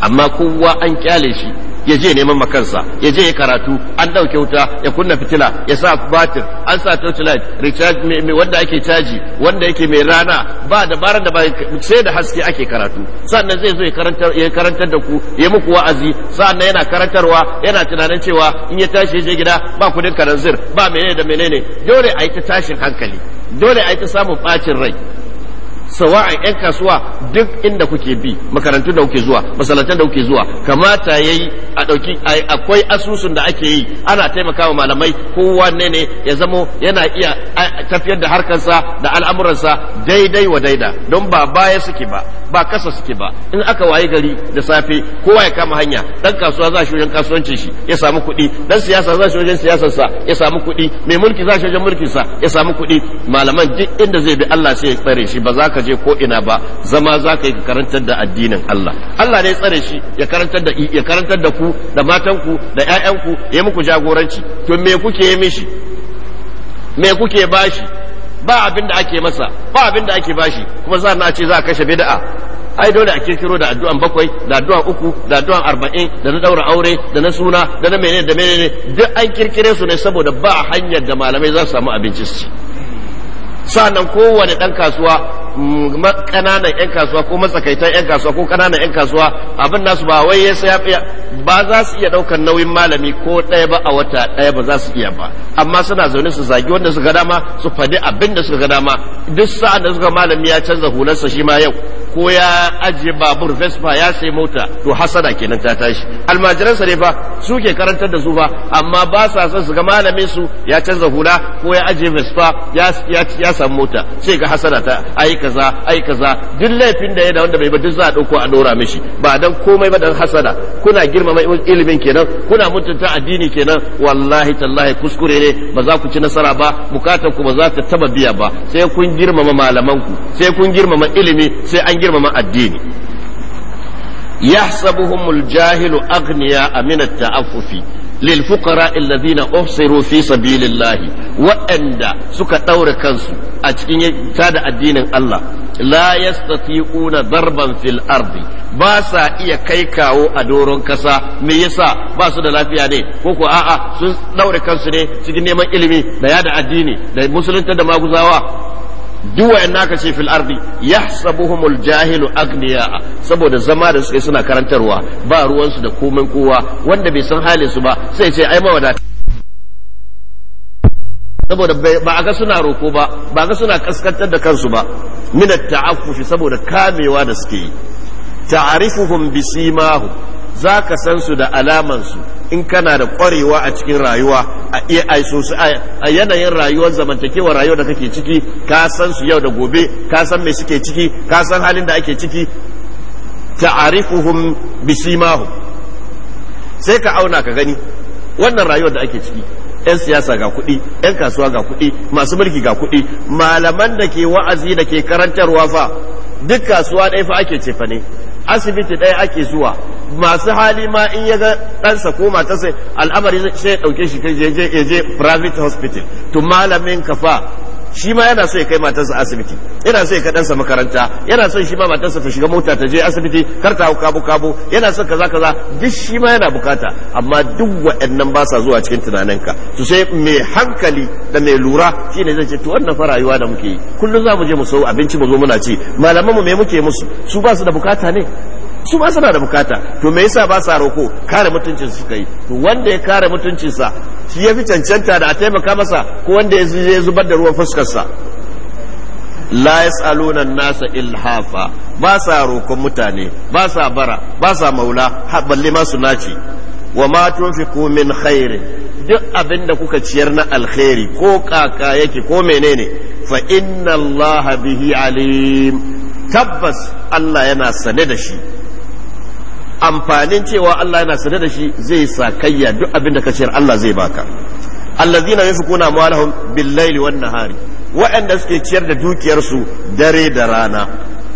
amma kowa an kyale shi ya je neman makansa ya je ya karatu an dauke wuta ya kunna fitila ya sa batir an sa torchlight recharge me, wanda ake caji wanda yake mai rana ba dabarar da ba sai da haske ake karatu sannan zai zo ya karantar ya karantar da ku ya muku wa'azi sannan yana karantarwa yana tunanin cewa in ya tashi ya je gida ba kudin karanzir ba menene da menene dole a yi ta tashin hankali dole a yi ta samun bacin rai sawa'in yan kasuwa duk inda kuke bi makarantu da kuke zuwa masallatan da kuke zuwa kamata yayi a dauki akwai asusun da ake yi ana taimakawa malamai kowanne ne ya zamo yana iya tafiyar da harkarsa da al'amuransa daidai wa daida don ba baya suke ba ba kasa suke ba in aka waye gari da safe kowa ya kama hanya dan kasuwa za shi wajen kasuwancin shi ya samu kuɗi dan siyasa za shi wajen siyasar sa ya samu kuɗi mai mulki za shi wajen mulkin sa ya samu kuɗi malaman duk inda zai bi Allah sai ya tsare shi ba za ka je ko ina ba zama za ka yi karantar da addinin Allah Allah ne ya tsare shi ya karantar da ya karantar da ku da matanku da ƴaƴanku ya muku jagoranci to me kuke yi mishi me kuke bashi ba abin da ake masa ba abin da ake bashi kuma za a ce za a kashe bid'a ai dole a kirkiro da addu'an bakwai da addu'an uku da addu'an arba'in da na daura aure da na suna da na menene da menene duk an kirkire su ne saboda ba hanyar da malamai za su samu abincin su sanan kowane dan kasuwa kananan 'yan kasuwa ko matsakaitan 'yan kasuwa ko kananan 'yan kasuwa abin nasu ba wai ya sai ba za su iya ɗaukar nauyin malami ko ɗaya ba a wata ɗaya ba za su iya ba amma suna zaune su zagi wanda suka dama su faɗi abin da suka dama duk sa'an da suka malami ya canza hularsa shi ma yau ko ya ajiye babur vespa ya sai mota to hasada kenan ta tashi almajiransa ne fa su ke karantar da su fa amma ba sa son su ga malamin su ya canza hula ko ya ajiye vespa ya samu mota sai ga hasada ta ayyuka kaza ai kaza duk laifin da ya da wanda bai ba duk za a dauko a dora mishi ba dan komai ba dan hasada kuna girmama ilimin kenan kuna mutunta addini kenan wallahi tallahi kuskure ne ba za ku ci nasara ba bukatar ku ba za ta taba biya ba sai kun girmama malaman ku sai kun girmama ilimi sai an girmama addini yahsabuhumul jahilu aghniya aminat taaffufi lil fuqara allazina uhsiru fi sabilillahi waɗanda suka ɗaure kansu a cikin tada addinin Allah la yastati'una darban fil ardi ba sa iya kai kawo a doron kasa me yasa ba su da lafiya ne ko ko a'a sun ɗaure kansu ne cikin neman ilimi da yada addini da musulunta da maguzawa duk wayan naka ce fil ardi yahsabuhumul jahilu agniya saboda zama da suke suna karantarwa ba ruwansu da komai kowa wanda bai san halin su ba sai ce ai mawadata saboda ba a ga suna roko ba ba ga suna kaskantar da kansu ba minat ta'affufi saboda kamewa da suke yi ta'rifuhum bisimahum za ka san su da alamansu in kana da ƙwarewa a cikin rayuwa a iya aiso su a yanayin rayuwar zamantakewa rayuwar da kake ciki ka san su yau da gobe ka san me suke ciki ka san halin da ake ciki ta'arifuhum bisimahu sai ka auna ka gani wannan rayuwar da ake ciki 'yan siyasa ga kuɗi 'yan kasuwa ga kuɗi masu mulki ga kuɗi malaman da ke wa'azi da ke karantarwa fa duk kasuwa ɗaya fa ake cefa ne asibiti ɗaya ake zuwa masu hali ma in ya ga ɗansa ko matarsa al'amari sai ya ɗauke shi kai je je private hospital to malamin kafa shi ma yana so ya kai matarsa asibiti yana so ya kai ɗansa makaranta yana so shi ma matarsa ta shiga mota ta je asibiti kar ta hau kabu kabu yana son kaza kaza duk shi ma yana bukata amma duk waɗannan ba sa zuwa cikin tunaninka to sai mai hankali da mai lura shine zai ce to wannan fa rayuwa da muke yi kullum za mu je mu sau abinci mu zo muna ci malaman mu me muke musu su ba su da bukata ne su ma suna da bukata to me yasa ba sa roko kare mutuncin suka yi to wanda ya kare mutuncinsa shi ya fi cancanta da a taimaka masa ko wanda ya zubar da ruwan sa la yas'aluna nasa ilhafa ba sa rokon mutane ba sa bara ba sa maula balle ma su naci wa ma tunfiqu min khairin duk abin da kuka ciyar na alkhairi ko kaka yake ko menene fa inna allaha bihi alim tabbas Allah yana sane da shi amfanin cewa Allah yana sane da shi zai sa kayya duk abin da ka Allah zai baka allazina yasukuna amwalahum bil-laili wan-nahari wa'anda suke ciyar da dukiyarsu dare da rana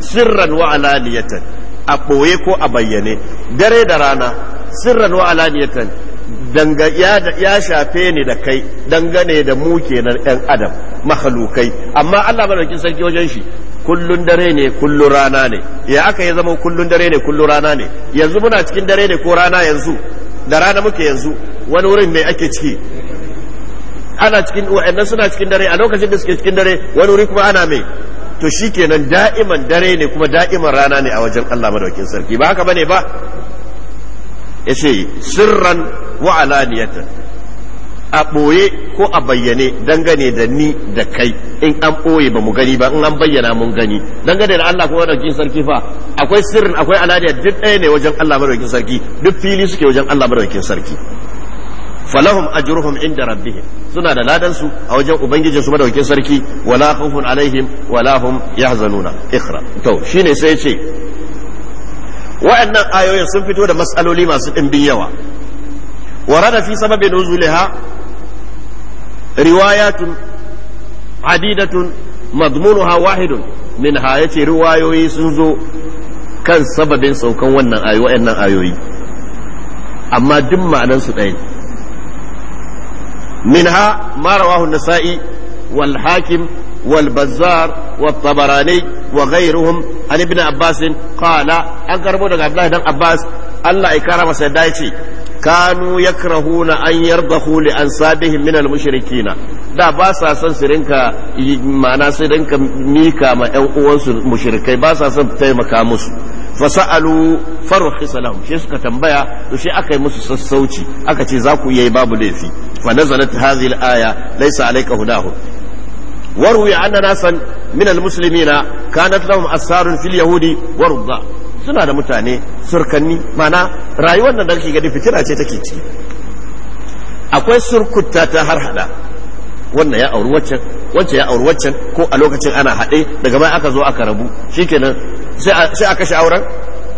sirran wa alaniyatan a ɓoye ko a bayyane dare da rana sirran wa alaniyatan danga ya shafe ni da kai dangane da mu kenan yan adam mahalukai amma Allah madaukakin sarki wajen shi kullun dare ne kullun rana ne ya aka ya zama kullun dare ne kullun rana ne yanzu muna cikin dare ne ko rana yanzu da rana muke yanzu wani wurin mai ake ciki ana cikin wa'annan suna cikin dare a lokacin da suke cikin dare wani wuri kuma ana mai to shikenan da'iman dare ne kuma da'iman rana ne a wajen Allah madaukin sarki ba haka bane ba yace sirran wa alaniyatan a ɓoye ko a bayyane dangane da ni da kai in an ɓoye ba mu gani ba in an bayyana mun gani dangane da Allah ko madaukakin sarki fa akwai sirrin akwai alaniya duk ɗaya ne wajen Allah madaukakin sarki duk fili suke wajen Allah madaukakin sarki falahum ajruhum inda rabbihim suna da ladan su a wajen ubangijinsu madaukin sarki wala khawfun alaihim wala hum yahzanuna ikhra to shine sai ce wa'annan ayoyin sun fito da matsaloli masu ɗimbin yawa warada fi sababin nuzuliha riwayat hadidatun madmunuha wahidun minha yace riwayoyi sun zo kan sabbin saukan wannan ayoyi wayannan ayoyi amma duk ma'anan su ɗaya minha ma walhakim an-nasa'i wal hakim wal bazzar wal tabarani وغيرهم عن ابن عباس قال أقربوا لك عبد الله بن عباس الله يكرم سيدايتي kanu yakrahuna an yardahu li ansabihim min al-mushrikina da ba sa son su rinka ma'ana su rinka mika ma ƴan uwansu mushrikai ba sa son taimaka musu fasalu farukhisa salam shi suka tambaya to shi aka yi musu sassauci aka ce za ku yi babu laifi fa nazalat hadhihi al-aya laysa alayka hudahu وروي أن ناسا من المسلمين كانت لهم أسار في اليهود والرضا suna da mutane surkanni mana rayuwar nan da kake gani fitina ce take ciki akwai surkutta ta har hada wannan ya auri waccan wacce ya auri waccan ko a lokacin ana haɗe daga baya aka zo aka rabu shikenan sai aka shi auren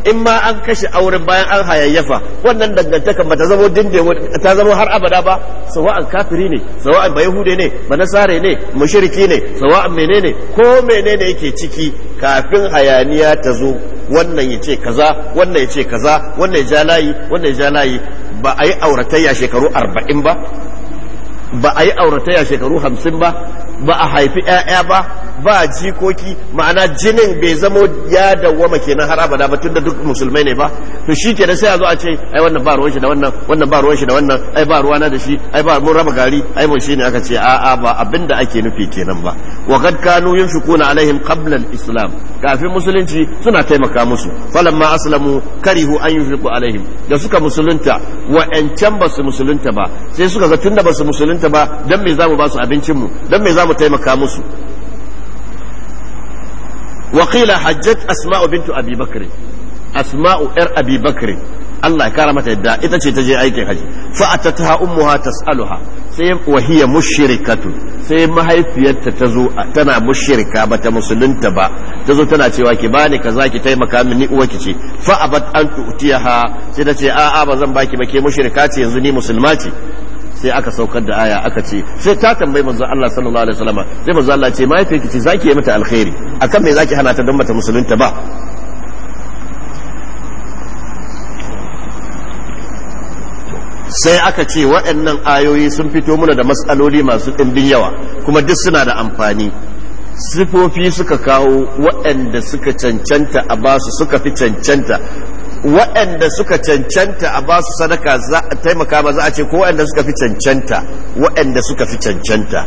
in ma an kashe auren bayan an hayayyafa wannan dangantaka ba ta zama dinde ta zama har abada ba sawa'an kafiri ne sawa'an bayahude ne ba nasare ne mushriki ne sawa'an menene ko menene yake ciki kafin hayaniya ta zo wannan ya ce kaza wannan ya ce kaza wannan ya ja layi wannan ya ja ba a yi auratayya shekaru arba'in ba ba a yi aurataya shekaru hamsin ba ba a haifi 'ya'ya ba ba a jikoki ma'ana jinin bai zamo ya dawwama kenan har abada ba tunda duk musulmai ne ba to shi ke da sai a zo a ce ai wannan ba ruwan shi da wannan wannan ba ruwan shi da wannan ai ba ruwana da shi ai ba mun raba gari ai mun shine aka ce a'a ba abinda ake nufi kenan ba wa kad kanu yunfikuna alaihim qabla al-islam kafin musulunci suna taimaka musu falamma aslamu karihu an yunfiqu alaihim da suka musulunta wa'ancan ba su musulunta ba sai suka ga tunda ba su musulunta musulunta ba don me za mu ba su abincinmu don me za mu taimaka musu wakila hajjat asma'u bintu abi bakri asma'u yar abi bakri Allah ya kara mata yadda ita ce ta je aikin haji fa atataha ummuha tasaluha sai wahiya mushrikatu sai mahaifiyarta ta zo tana mushrika bata musulunta ba ta zo tana cewa ki bani kaza ki taimaka min ni ki ce fa abat an tu'tiyaha sai ta ce a a ba zan baki ba ke mushrika ce yanzu ni musulma ce sai aka saukar da aya aka ce sai ta tambayi manzon Allah sallallahu alaihi wasallam sai manzon Allah ce mahaifiyarki ce zaki yi mata alkhairi akan me zaki hana ta don mata musulunta ba sai aka ce waɗannan ayoyi sun fito muna da matsaloli masu ɗimbin yawa kuma duk suna da amfani sifofi suka kawo waɗanda suka cancanta a basu suka fi cancanta waɗanda suka cancanta a ba su sadaka za a taimaka ba za a ce ko waɗanda suka fi cancanta waɗanda suka fi cancanta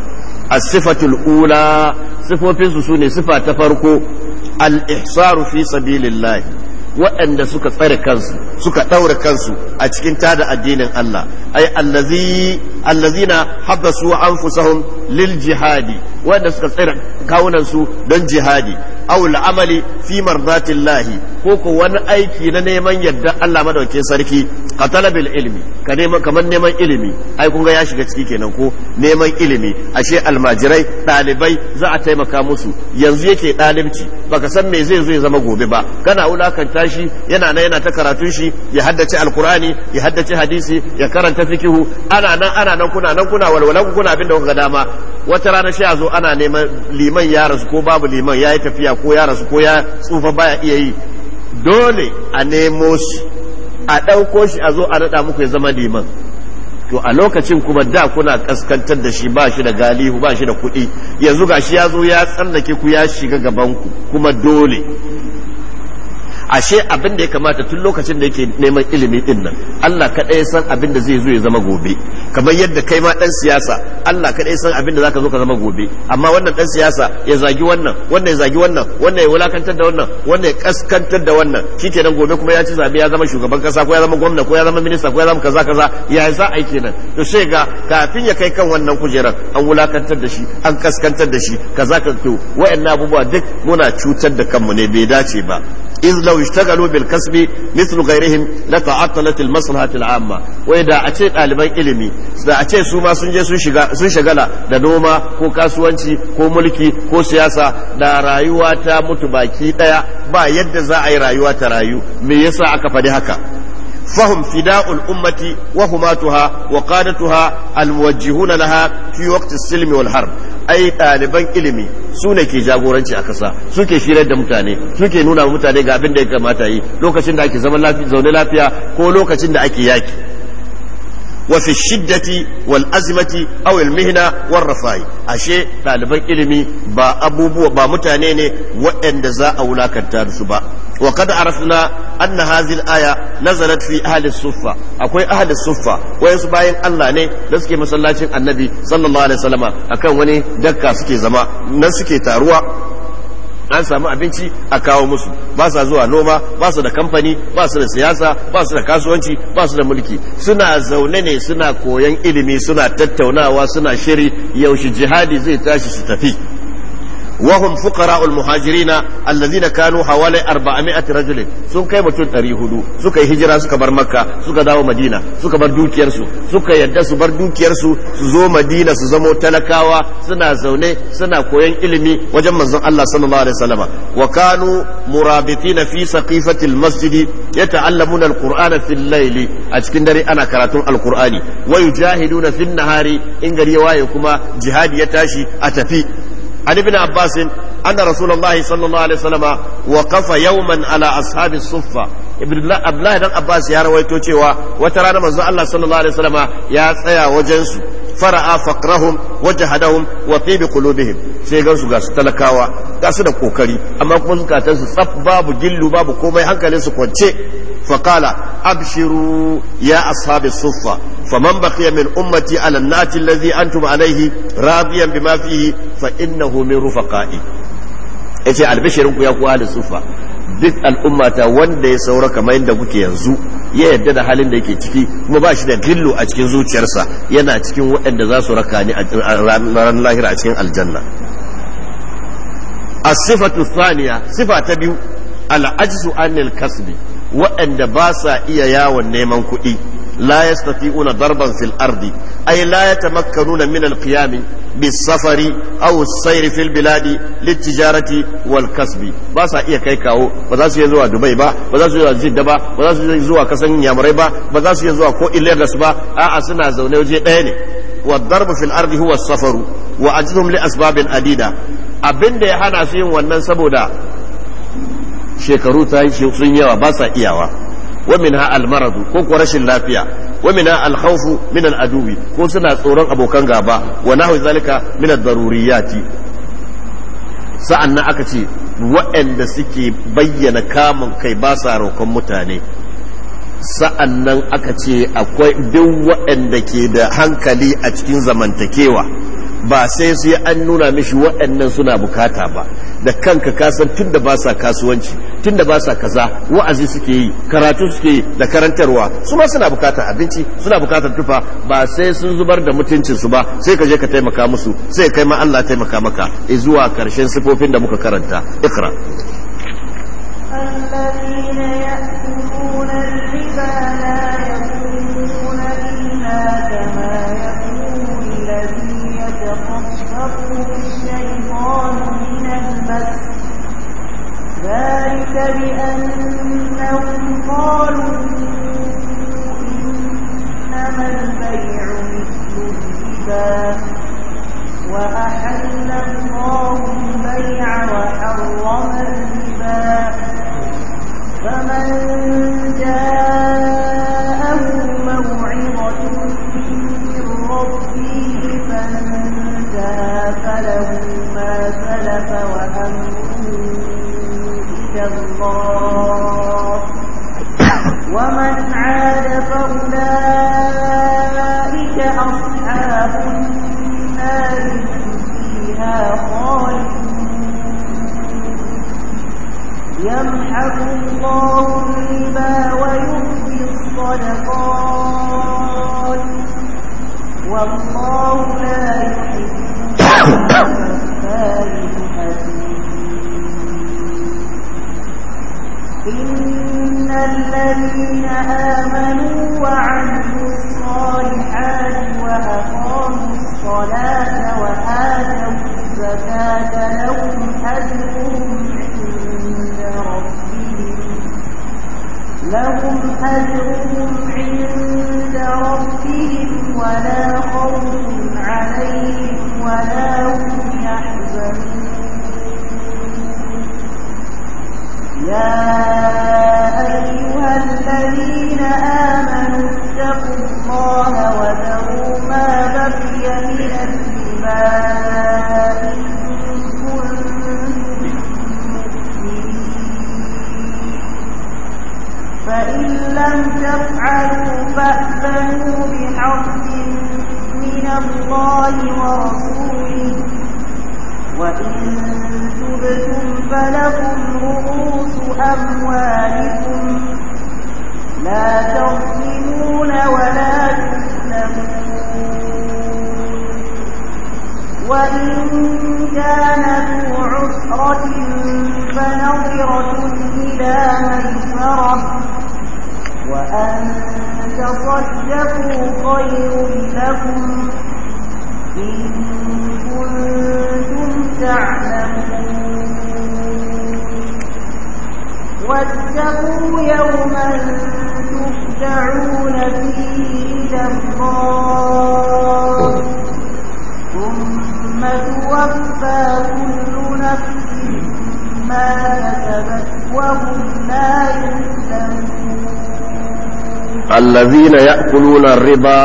a sifatul ula sifofinsu su ne sifa ta farko al-ihsaru fi sabilillahi waɗanda suka tsare kansu suka ɗaure kansu a cikin tada addinin Allah ay allazi allazina habasu anfusahum lil jihadi wanda suka tsira kawunan su don jihadi aw al'amali fi mardatillahi ko ko wani aiki na neman yadda Allah madauke sarki ka talabil ilmi ka neman kamar neman ilimi ai kun ga ya shiga ciki kenan ko neman ilimi ashe almajirai dalibai za a taimaka musu yanzu yake dalibci baka san me zai zo zama gobe ba kana wulakanta tashi yana na yana ta karatun shi ya haddace alkur'ani ya haddace hadisi ya karanta fikihu ana nan ana nan kuna nan kuna walwalan kuna abin da kuka dama wata rana shi a zo ana neman liman ya rasu ko babu liman ya yi tafiya ko ya rasu ko ya tsufa baya iya yi dole a nemo shi a ɗauko shi a zo a naɗa muku ya zama liman to a lokacin kuma da kuna ƙaskantar da shi ba shi da galihu ba shi da kuɗi yanzu ga shi ya zo ya tsallake ku ya shiga gabanku kuma dole ashe abin da ya kamata tun lokacin da yake neman ilimi din nan Allah kaɗai san abin da zai zo ya zama gobe kamar yadda kai ma dan siyasa Allah kaɗai san abin da zaka zo ka zama gobe amma wannan dan siyasa ya zagi wannan wannan ya zagi wannan wannan ya wulakantar da wannan wannan ya kaskantar da wannan shikenan gobe kuma ya ci zabe ya zama shugaban kasa ko ya zama gwamna ko ya zama minista ko ya zama kaza kaza ya za a yi kenan to sai ga kafin ya kai kan wannan kujerar an wulakantar da shi an kaskantar da shi kaza ka to wa'annan abubuwa duk muna cutar da kanmu ne bai dace ba إذ لو اشتغلوا بالكسب مثل غيرهم لتعطلت المصلحة العامة وإذا أتيت ɗaliban ilimi da a ce su ma sun je sun shagala da noma ko kasuwanci ko mulki ko siyasa da rayuwa ta mutu baki daya ba yadda za a yi rayuwa ta rayu me yasa aka faɗi haka فهم فداء الأمة وهماتها وقادتها الموجهون لها في وقت السلم والحرب أي طالبان إلمي سونا كي جاغورانشي أكسا سوكي شيرة دمتاني سوكي نونا ومتاني غابين دي كماتاي لوكا شند أكي زمن لا في زون لا لافيا كو لوكا شند أكي ياكي وفي الشدة والأزمة أو المهنة والرفاهي أشي طالبان إلمي با أبو بو با متانيني وإن دزاء أولا كنتارس با وقد عرفنا أن هذه الآية نزلت في أهل الصفة أكوي أهل الصفة ويسباين الله ني نسكي مسلاتين النبي صلى الله عليه وسلم أكوني دكا سكي زما نسكي تاروا an samu abinci a kawo musu ba sa zuwa noma ba su da kamfani ba su da siyasa ba su da kasuwanci ba su da mulki suna zaune ne suna koyon ilimi suna tattaunawa suna shiri yaushe jihadi zai tashi su tafi وهم فقراء المهاجرين الذين كانوا حوالي 400 رجل sun kai mutum 400 suka yi hijira suka bar makka suka dawo madina suka bar dukiyarsu suka yadda su bar dukiyarsu su zo madina su zamo talakawa suna zaune suna koyon ilimi wajen manzon Allah sallallahu alaihi wasallama wa kanu masjidi yata saqifati almasjid yata'allamuna alqur'ana fil layli a cikin dare ana karatun alqur'ani wa yujahiduna fin nahari in gari ya waye kuma jihadi ya tashi a tafi عن ابن عباس أن رسول الله صلى الله عليه وسلم وقف يوما على أصحاب الصفة abdullahi dan abbas ya rawaito cewa wata rana manzo Allah sallallahu alaihi wasallam ya tsaya wajen su fara'a faqrahum wajhadahum wa fi qulubihim sai ga ga su talakawa ga su da kokari amma kuma zukatan su tsaf babu gillu babu komai hankalin su kwance faqala abshiru ya ashabi suffa faman baqiya min ummati ala nati alladhi antum alayhi radiyan bima fihi fa innahu min rufaqa'i yace albishirinku ya ku ahli suffa duk al'ummata wanda ya saura kamar yadda kuke yanzu ya yadda da halin da yake ciki kuma ba shi da gillo a cikin zuciyarsa yana cikin waɗanda za su raka ni a ranar lahira a cikin aljanna a sifatu saniya sifa ta biyu al'ajisu anil kasbi waɗanda ba sa iya yawon neman kuɗi la yastati'una darban fil ardi ay layata maka nuna al qiyam bis safari aw sayr fil biladi lit tijarati wal kasbi ba sa iya kai kawo ba za su iya zuwa dubai ba ba za su iya zuwa jidda ba ba za su iya zuwa kasan yamurai ba ba za su iya zuwa ko lagos ba a'a suna zaune waje ɗaya ne wa darbu fil ardi huwa safaru wa ajzum li asbabin adida abinda ya hana su yin wannan saboda shekaru ta sun yawa ba sa iyawa wa minha almaradu ko ko rashin lafiya wa minha alkhawfu min aladuwi ko suna tsoron abokan gaba wa nahu zalika min ad-daruriyati sa'annan aka ce suke bayyana kamun kai ba sa roƙon mutane sa'annan aka ce akwai duk waɗanda ke da hankali a cikin zamantakewa ba sai yi an nuna mishi waɗannan suna bukata ba da kanka kasan tun da ba sa kasuwanci tun da ba sa kaza wa'azi suke yi karatu suke yi da karantarwa su ma suna bukatar abinci suna bukatar tufa ba sai sun zubar da mutuncinsu ba sai ka je ka taimaka musu sai kai ma Allah taimaka maka zuwa karshen sifofin da muka karanta ikra الذين
يأكلون الربا لا يتخبطه الشيطان من المس ذلك بأنهم قالوا إنما البيع مثل الربا وأحل الله البيع وحرم الربا فمن جاء فانتهى فله ما سلف وأمره إلى الله ومن عاد فأولئك أصحاب النار فيها خالدون يمحق الله الربا ويؤتي الصدقات والله لا يحب الكفار إن الذين آمنوا وعملوا الصالحات وأقاموا الصلاة وآتوا الزكاة لهم أجرهم لهم أجرهم عند ربهم ولا خوف عليهم تَصَدَّقُوا خَيْرٌ لَّكُمْ إِن كُنتُمْ تَعْلَمُونَ وَاتَّقُوا يَوْمًا تُرْجَعُونَ فِيهِ إِلَى اللَّهِ ثُمَّ توفى كُلُّ نَفْسٍ مَا كَسَبَتْ
وَهُمْ allazina ya'kuluna riba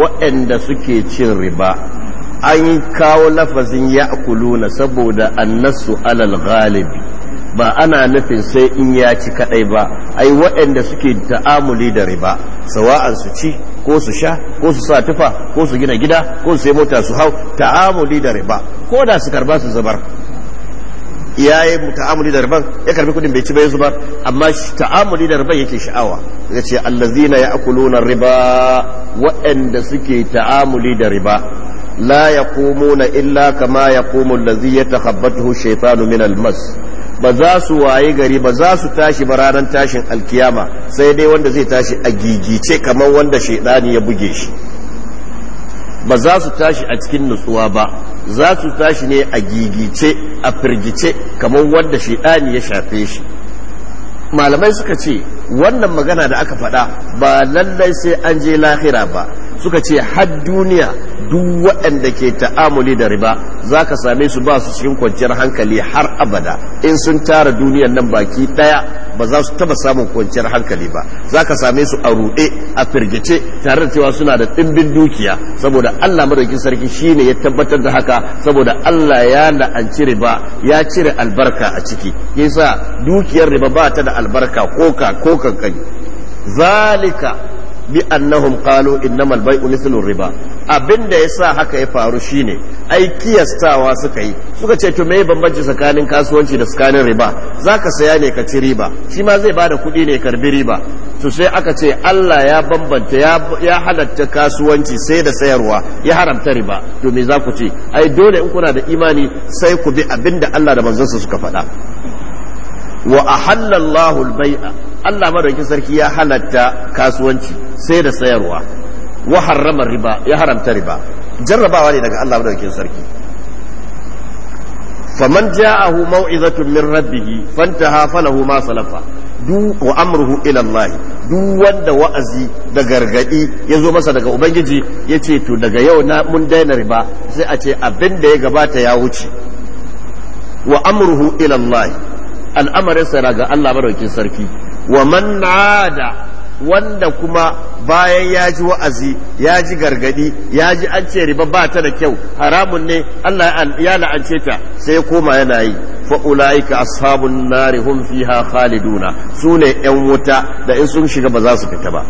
waɗanda suke cin riba an kawo lafazin ya'kuluna saboda annasu alal ghalibi ba ana nufin sai in ya ci kadai ba ai waɗanda suke ta'amuli da riba sawa'an su ci ko su sha ko su sa tufa ko su gina gida ko su sai mota su hau ta'amuli da riba ko da su karba su zubar ya yi ta'amuli da riban ya karbi kudin bai ci bai zuba amma ta'amuli da riban yake sha'awa ya ce allazina akuluna riba waɗanda suke ta'amuli da riba la na illa kama ta allazi yatakhabbathu shaitanu min almas ba za su waye gari ba za su tashi ba ranar tashin alkiyama sai dai wanda zai tashi a gigice kamar wanda shaidani ya buge shi ba za su tashi a cikin nutsuwa ba za su tashi ne a gigice a firgice kamar wanda shaidani ya shafe shi malamai suka ce wannan magana da aka faɗa ba lallai sai an je lahira ba suka ce har duniya duk waɗanda ke ta'amuli da riba za ka same su ba su cikin kwanciyar hankali har abada in sun tara duniyar nan baki ɗaya ba za su taba samun kwanciyar hankali ba za ka same su a ruɗe a firgice tare da cewa suna da ɗimbin dukiya saboda allah madaukin sarki shi ne ya tabbatar da haka saboda allah ya la'anci riba ya cire albarka a ciki yasa dukiyar riba ba ta da albarka ko ka ko zalika bi annahum qalu innamal bai'u mithlu riba abinda yasa haka ya faru shine ai kiyastawa suka yi suka ce to meye bambanci tsakanin kasuwanci da tsakanin riba zaka saya ne ka ci riba shi ma zai bada kuɗi ne karbi riba to sai aka ce Allah ya bambanta ya halatta kasuwanci sai da sayarwa ya haramta riba to me za ku ce ai dole in kuna da imani sai ku bi abinda Allah da manzansa suka faɗa wa ahallallahu al-bai'a Allah madauki sarki ya halatta kasuwanci sai da sayarwa wa harrama riba ya haramta riba jarrabawa ne daga Allah madaukin sarki faman ja'ahu mau'izatun min rabbih fantaha falahu ma salafa du wa amruhu ila Allah duk wanda wa'azi da gargadi ya zo masa daga ubangiji yace to daga yau na mun daina riba sai a ce abin da ya gabata ya wuce wa amruhu ila Allah al'amarin sa ga Allah madaukin sarki wa man nada wanda kuma bayan ya ji wa'azi ya ji gargadi ya ji an ce riba ba ta da kyau haramun ne Allah ya la'ance ta sai koma yana yi fa ulaika ashabun nari hum fiha khaliduna sune yan wuta da in sun shiga ba za su fita ba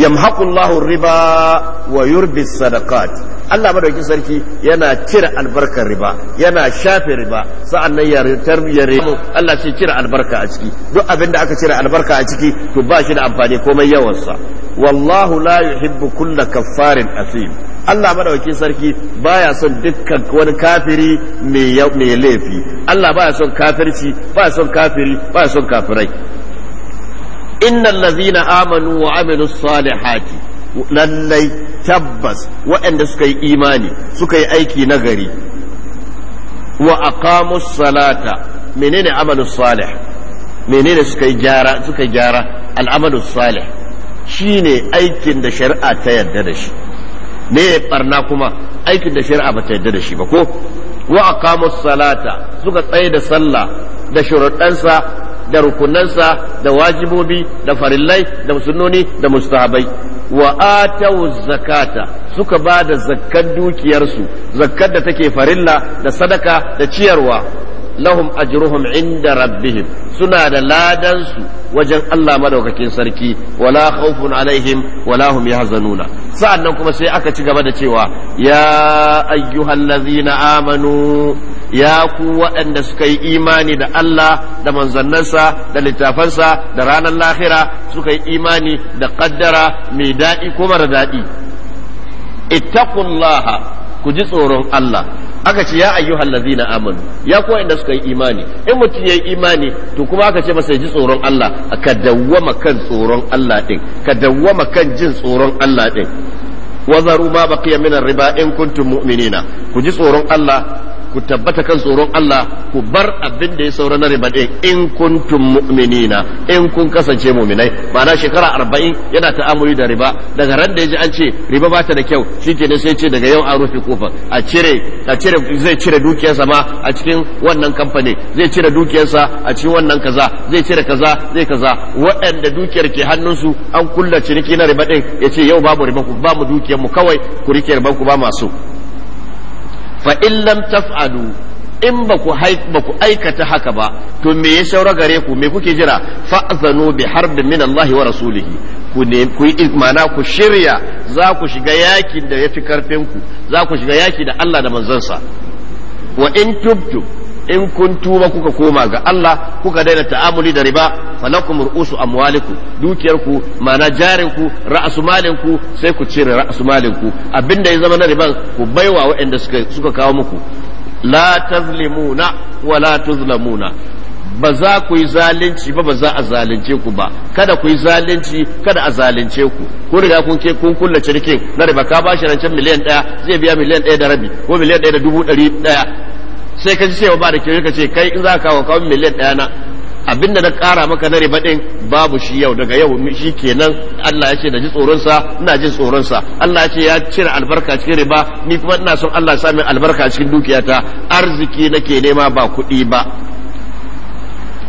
Allahu riba wa yurbi sadaqat Allah madaukin sarki yana cire albarkar riba yana shafe riba sa'annan ya tarbiyyar Allah ce cire albarka a ciki duk abin da aka cire albarka a ciki to ba shi da amfani komai yawan sa wallahu la yuhibbu kulla kaffarin asim Allah madaukin sarki baya son dukkan wani kafiri mai laifi Allah baya son kafirci baya son kafiri baya son kafirai Inna lazina amanu wa amilus salihati lallai tabbas waɗanda suka yi imani suka yi aiki nagari wa aqamus salata menene amalus salih menene suka yi gyara suka gyara al'amalus salih shine aikin da shari'a ta yadda da shi me barna kuma aikin da shari'a ba ta yarda da shi ba ko wa salata suka tsaye da sallah da shuruɗansa da rukunansa da wajibobi da farillai da sunnoni da mustahabai wa atau zakata suka ba da zakkar dukiyarsu zakkar da take farilla da sadaka da ciyarwa lahum ajruhum inda rabbihim suna da ladansu wajen Allah madaukakin sarki wala khawfun alaihim wala hum yahzanuna sa'annan kuma sai aka ci gaba da cewa ya ayyuhallazina amanu ya ku waɗanda suka yi imani da Allah da manzannansa da littafansa da ranar lahira suka yi imani da kaddara mai daɗi ko mara daɗi ittaqullaha ku ji tsoron Allah aka ce ya ayyuhal ladzina amanu ya ko inda suka yi imani in mutum yi imani to kuma aka ce masa ji tsoron Allah ka dawwama kan tsoron Allah din ka dawwama kan jin tsoron Allah ɗin. wazaru ma baqiya minan riba in kuntum mu'minina ku ji tsoron Allah ku tabbata kan tsoron Allah ku bar abin da ya saura na riba ɗin in kuntum mu'minina in kun kasance mu'minai ma'ana shekara arba'in yana ta'amuli da riba daga ran da ya ji an ce riba ba ta da kyau shi ke sai ce daga yau an rufe kofar a cire a cire zai cire dukiyarsa ma a cikin wannan kamfani zai cire dukiyarsa a cikin wannan kaza zai cire kaza zai kaza waɗanda dukiyar ke hannunsu an kulla ciniki na riba ɗin ya ce yau babu riba ku ba mu dukiyar mu kawai ku rike riba ku ba masu fa in lam taf'alu in ba ku aikata haka ba to me ya shaura gare ku me kuke jira azanu bi harbin min Allah wa rasulihi ku ne ku yi imana ku shirya za ku shiga yakin da yafi karfin ku za ku shiga yaki da Allah da manzansa wa in tubtu in kun tuba kuka koma ga Allah kuka daina ta'amuli da riba falakum ru'usu amwalikum dukiyarku mana jarinku ra'su malinku sai ku cire ra'su malinku abinda ya zama na riban ku baiwa waɗanda suka suka kawo muku la tazlimuna wa la tuzlamuna ba za ku yi zalunci ba ba za a zalunce ku ba kada ku yi zalunci kada a zalunce ku ku riga kun ke kun kulla cirkin na riba ka bashi rancen miliyan ɗaya zai biya miliyan ɗaya da rabi ko miliyan ɗaya da dubu ɗari ɗaya sai ka ji cewa ba da kyau ka ce kai in za ka kawo kawo miliyan ɗaya na abinda na ƙara maka na riba babu shi yau daga yau shi kenan Allah ya ce na ji tsoronsa ina jin tsoronsa Allah ya ce ya cire albarka cikin riba ni kuma ina son Allah sami albarka cikin dukiyata arziki nake nema ba kuɗi ba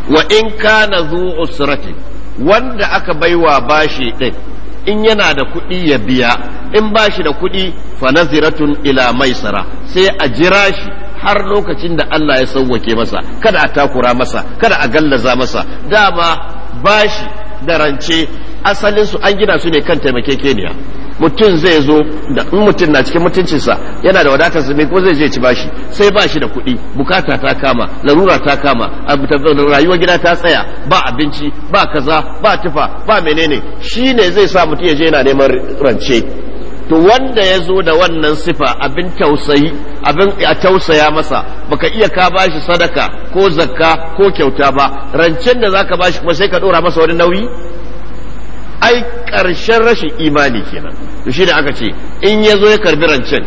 wa in kana zu usrati wanda aka baiwa bashi ɗin in yana da kuɗi ya biya in bashi da kuɗi fa naziratun ila maisara sai a jira shi har lokacin da Allah ya sauwake masa kada a takura masa kada a gallaza masa dama bashi da rance asalinsu an gina su ne kan taimakekeniya mutum zai zo da in mutum na cikin mutuncinsa yana da wadatar zume ko zai je ci bashi sai ba shi da kuɗi bukata ta kama larura ta kama rayuwar gida ta tsaya ba abinci ba kaza ba tufa ba menene shi ne zai sa mutum ya je yana neman rance to wanda ya zo da wannan sifa abin tausayi abin a tausaya masa baka iya ka bashi sadaka ko zakka ko kyauta ba rancen da zaka bashi kuma sai ka dora masa wani nauyi ai karshen rashin imani kenan to shi da aka ce in ya zo ya karbi rancen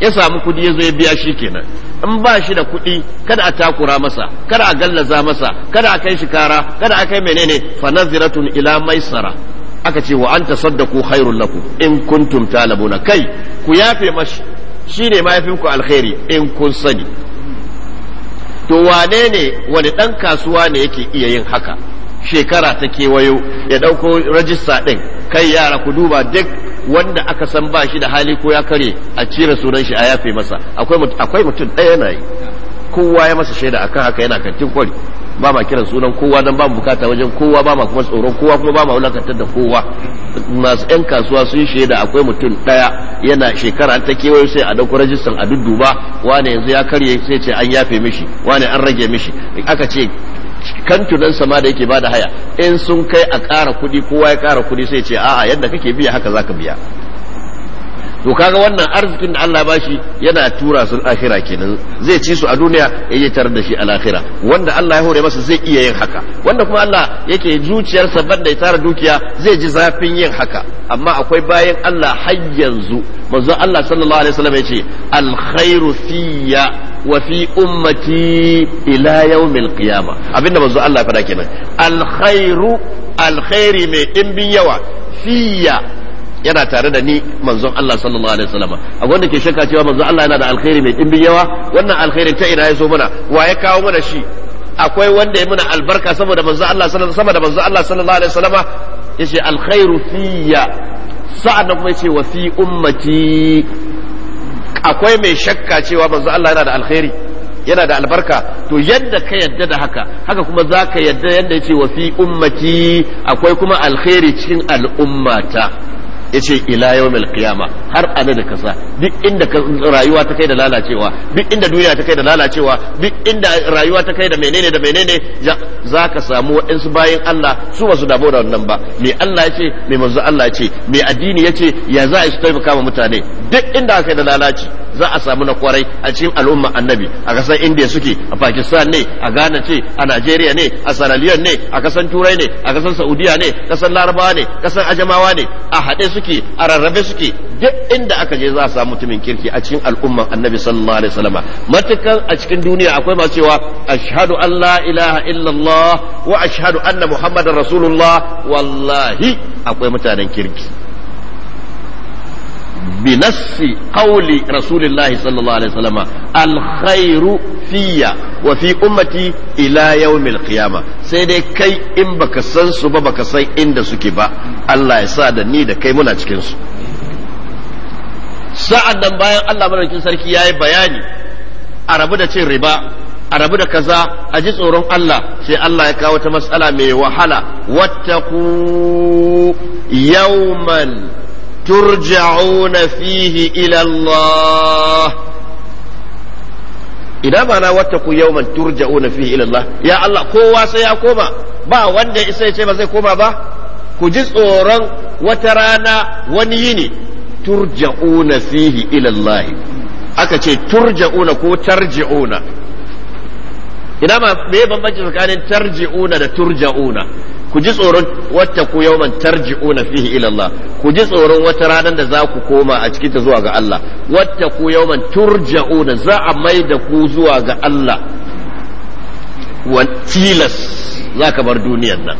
ya samu kudi ya zo ya biya shi kenan in ba shi da kuɗi kada a takura masa kada a gallaza masa kada a kai shi kara kada a kai menene fa naziratun ila maisara aka ce wa an tasaddaku khairul lakum in kuntum talabuna kai ku yafe mashi shine mahaifinku alkhairi in kun sani to wane ne wani dan kasuwa ne yake iya yin haka shekara ta kewayo ya dauko rajista din kai yara ku duba duk wanda aka san ba shi da hali ko ya kare a cire sunan shi a yafe masa akwai mutum ɗaya na yi kowa ya masa shaida akan haka yana kantin kwari ba ma kiran sunan kowa dan ba mu bukata wajen kowa ba ma kuma tsoron kowa kuma ba ma wulakantar da kowa masu yan kasuwa sun shaida akwai mutum daya yana shekara ta kewayo sai a dauko rajistan a dudduba wane yanzu ya karye sai ce an yafe mishi wane an rage mishi aka ce kantunan sama da yake bada haya in sun kai a kara kuɗi kowa ya kara kuɗi sai ce a'a yadda kake biya haka zaka biya to kaga wannan arzikin da Allah bashi yana tura su lahira kenan zai ci su a duniya ya yi tare da shi a lahira wanda Allah ya hore masa zai iya yin haka wanda kuma Allah yake zuciyarsa banda ya tara dukiya zai ji zafin yin haka amma akwai bayan Allah har yanzu manzo Allah sallallahu alaihi wasallam yace alkhairu fiyya wa fi ummati ila yawmil qiyama abinda manzo Allah ya kenan alkhairu alkhairi mai dimbin yawa fiyya yana tare da ni manzon Allah sallallahu alaihi wasallam akwai wanda ke shakka cewa manzon Allah yana da alkhairi mai dimbin yawa wannan alkhairi ta ina ya so mana wa ya kawo mana shi akwai wanda ya muna albarka saboda manzon Allah sallallahu da manzon Allah sallallahu alaihi wasallam yace alkhairu fiyya sa'an kuma yace wa fi ummati akwai mai shakka cewa manzon Allah yana da alkhairi yana da albarka to yadda ka yadda da haka haka kuma za ka yadda yadda ya ce wa fi ummati akwai kuma alkhairi cikin al'ummata yace ila yawmil qiyama har ana da kasa duk inda rayuwa ta kai da lalacewa duk inda duniya ta kai da lalacewa duk inda rayuwa ta kai da menene da menene za ka samu waɗansu bayan Allah su ba su damu da wannan ba me Allah yace me manzo Allah ce me addini yace ya za a shi taimaka ma mutane duk inda aka kai da lalaci za a samu na kwarai a cikin al'umma annabi a kasar indiya suke a pakistan ne a ghana ce a najeriya ne a sierra ne a kasar turai ne a kasar saudiya ne kasar larabawa ne kasar ajamawa ne a haɗe su suke a rarrabe suke duk inda aka je za a samu mutumin kirki a cikin al'umman annabi sallallahu alaihi wasallam matukan a cikin duniya akwai masu cewa ashhadu an la ilaha illallah wa ashhadu anna muhammadar rasulullah wallahi akwai mutanen kirki بنص قول رسول الله صلى الله عليه وسلم الخير فيا وفي أمتي إلى يوم القيامة سيدي كي إن بك سنسو بك ba إن دسكي با الله يساعد نيدا كي منا تكنسو sa'an nan bayan Allah madaukin sarki ya yi bayani a rabu da cin riba a rabu da kaza a ji tsoron Allah sai Allah ya kawo ta matsala mai wahala wattaku yawman turja'una fihi ila Allah ina mana wata ku yawman turja'una fihi ila Allah ya Allah kowa sai ya koma ba wanda isa ya ce ba zai koma ba ku ji tsoron wata rana wani yini turja'una fihi ila Allah aka ce turja'una ko tarji'una ina ba me bambanci tsakanin tarji'una da turja'una ku ji tsoron wata ku tarji'u na fihi ilallah ku ji tsoron wata ranar da za ku koma a cikin ta zuwa ga Allah wata ku turja'u na za a mai da ku zuwa ga Allah tilas za ka bar duniyar nan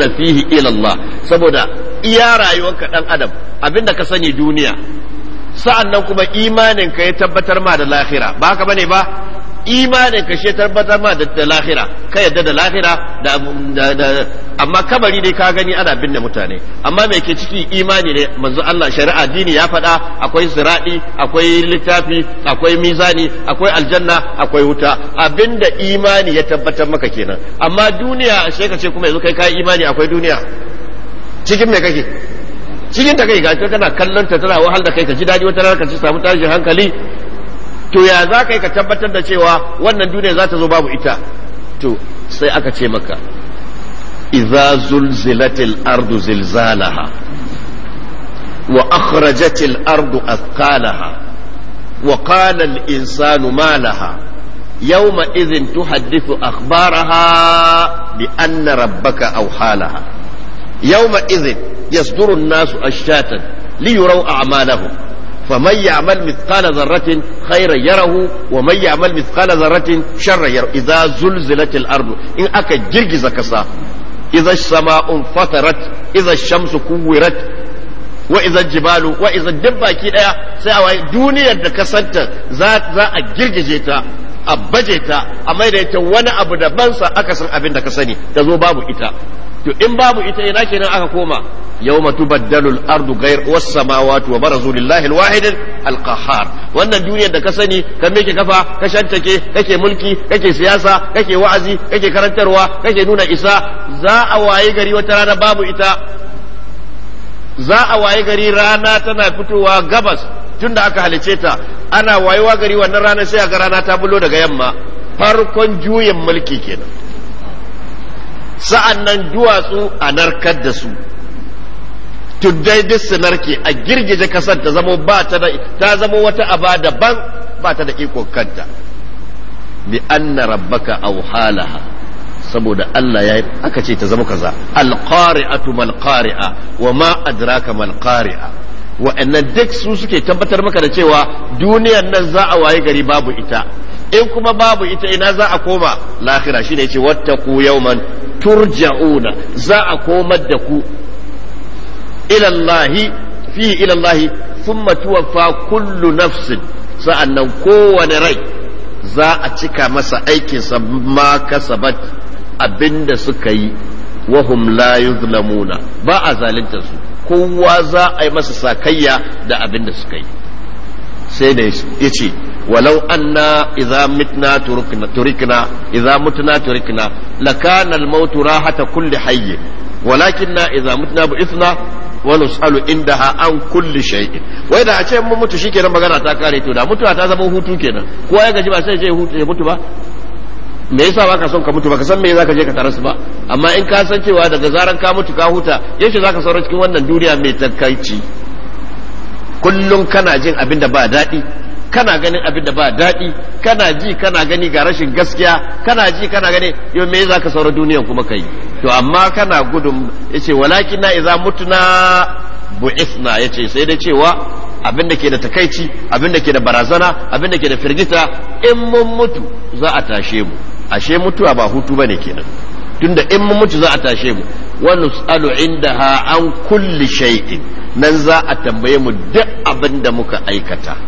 na fihi ilallah saboda iya ka dan adam abinda ka sani duniya sa'an nan kuma imaninka ya tabbatar ma da lahira ba ka bane ba imanin ka shi tabbatar ma da lahira ka yadda da lahira da amma kabari dai ka gani ana binne mutane amma me ke ciki imani ne manzo Allah shari'a dini ya faɗa akwai ziradi akwai littafi akwai mizani akwai aljanna akwai wuta abinda imani ya tabbatar maka kenan amma duniya sai ka ce kuma yanzu kai ka imani akwai duniya cikin me kake cikin ta kai ga kana kallon ta tana wahal da kai ka ji daɗi wata rana ka ci samu tashin hankali to ya za ka yi ka tabbatar da cewa wannan duniya za ta zo babu ita to sai aka ce maka Izazulzilatil zulzilatil ardu zilzalaha wa akhrajatil ardu athqalaha wa qala al insanu ma laha yawma idhin tuhaddithu akhbaraha bi anna rabbaka awhalaha yawma idhin yasduru an-nasu ashatan liyuraw a'malahum faman ya'mal mithqala dharratin khairan yarahu wa man ya'mal mithqala dharratin sharran yarahu in aka girgiza kasa idza sama'un fatarat idza shamsu kuwirat wa jibalu wa izan baki ɗaya. sai a waye duniyar da kasanta za za a girgije ta a baje ta a maida wani abu daban sa aka san abin da ka sani ta babu ita to in babu ita ina kenan aka koma yawma tubaddalu al-ardu ghayr was-samawati wa barazu lillahi al-wahid wannan duniyar da ka sani ka meke kafa ka shantake kake mulki kake siyasa kake wa'azi kake karantarwa kake nuna isa za a waye gari wata rana babu ita za a waye gari rana tana fitowa gabas tunda aka halice ta ana wayewa gari wannan rana sai ga rana ta bulo daga yamma farkon juyin mulki kenan sa'an nan duwatsu a narkar da su tuddai duk su narke a girgije kasar ta zama ba ta da wata aba daban ba ta da ikon kanta bi anna rabbaka a halaha saboda Allah ya aka ce ta zama kaza alqari'atu mal qari'a wa ma adraka mal qari'a wa'annan duk su suke tabbatar maka da cewa duniyar nan za a waye gari babu ita in kuma babu ita ina za a koma lahira shine yace wattaku yawman turja'una za a komar da ku ilallahi fi ilallahi sun tuwaffa kullu nafsin sa'annan kowane rai za a cika masa aikinsa ma kasabat abinda suka yi wahum la yuzlamuna ba a zalinta su kowa za a yi masa sakayya da abinda suka yi sai da ya ce walau anna idza mitna turikna turikna idza mutna turikna lakana al-maut rahata kulli hayy walakinna idza mutna bu'ithna wa nus'alu indaha an kulli shay'in wai da a ce mun mutu shikenan magana ta kare to da mutuwa ta zama hutu kenan ko ya gaji ba sai ya hutu ya mutu ba me yasa ba ka son ka mutu ba ka san me zaka je ka tarasu ba amma in ka san cewa daga zaran ka mutu ka huta yaushe zaka saura cikin wannan duniya mai takaici kullum kana jin abin da ba daɗi kana ganin abin da ba daɗi kana ji kana gani ga rashin gaskiya kana ji kana gani yau me za ka saura duniyan kuma kai to amma kana gudun ya ce walakin na iza mutuna bu'isna ce sai da cewa abin da ke da takaici abin da ke da barazana abin da ke da firgita in mun mutu za a tashe mu ashe mutuwa ba hutu ba ne kenan tunda in mun mutu za a tashe mu wa nus'alu ha an kulli shay'in nan za a tambaye mu duk abin da muka aikata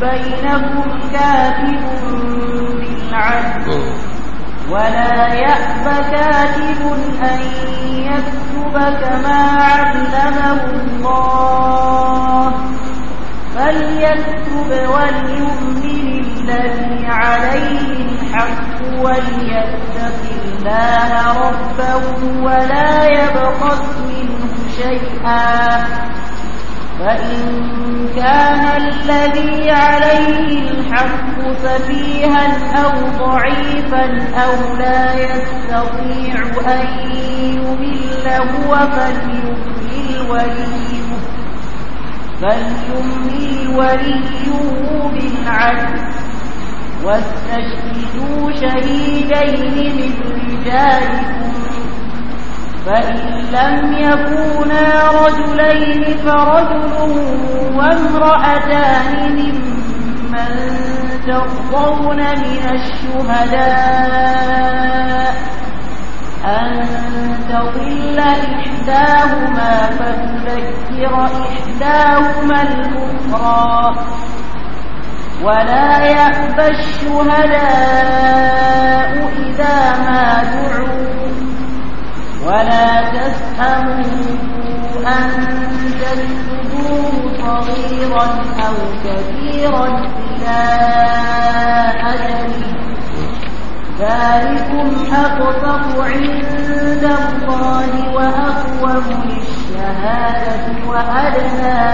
بينكم كاتب بالعدل ولا يأب كاتب أن يكتب كما علمه الله فليكتب وليؤمن الذي عليه الحق وليتق الله ربه ولا يبخس منه شيئا فإن كان الذي عليه الحق سفيها أو ضعيفا أو لا يستطيع أن يمل هو فليمل وليه فليمل وليه بالعدل واستشهدوا شهيدين من رجالكم فإن لم يكونا رجلين فرجل وامرأتان ممن ترضون من الشهداء أن تضل إحداهما فتذكر إحداهما الأخرى ولا يأبى الشهداء إذا ما دعوا ولا تسأموا أن تكتبوه صغيرا أو كبيرا إلى أجله ذلكم أقسط عند الله وأقوم للشهادة وأدنى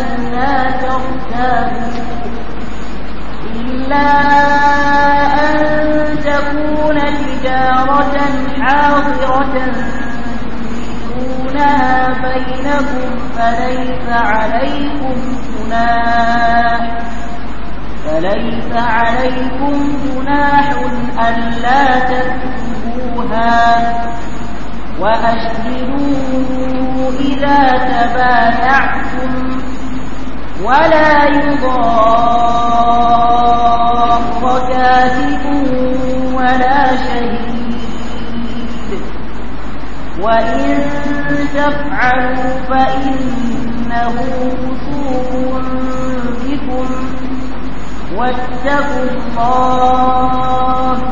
ألا ترتابوا إلا أن تكون تجارة حاضرة تديرونها بينكم فليس عليكم جناح فليس عليكم جناح ألا تكتبوها وأشهدوا إذا تبايعتم ولا يضار كاتب ولا شهيد وإن تفعلوا فإنه فسوق بكم واتقوا الله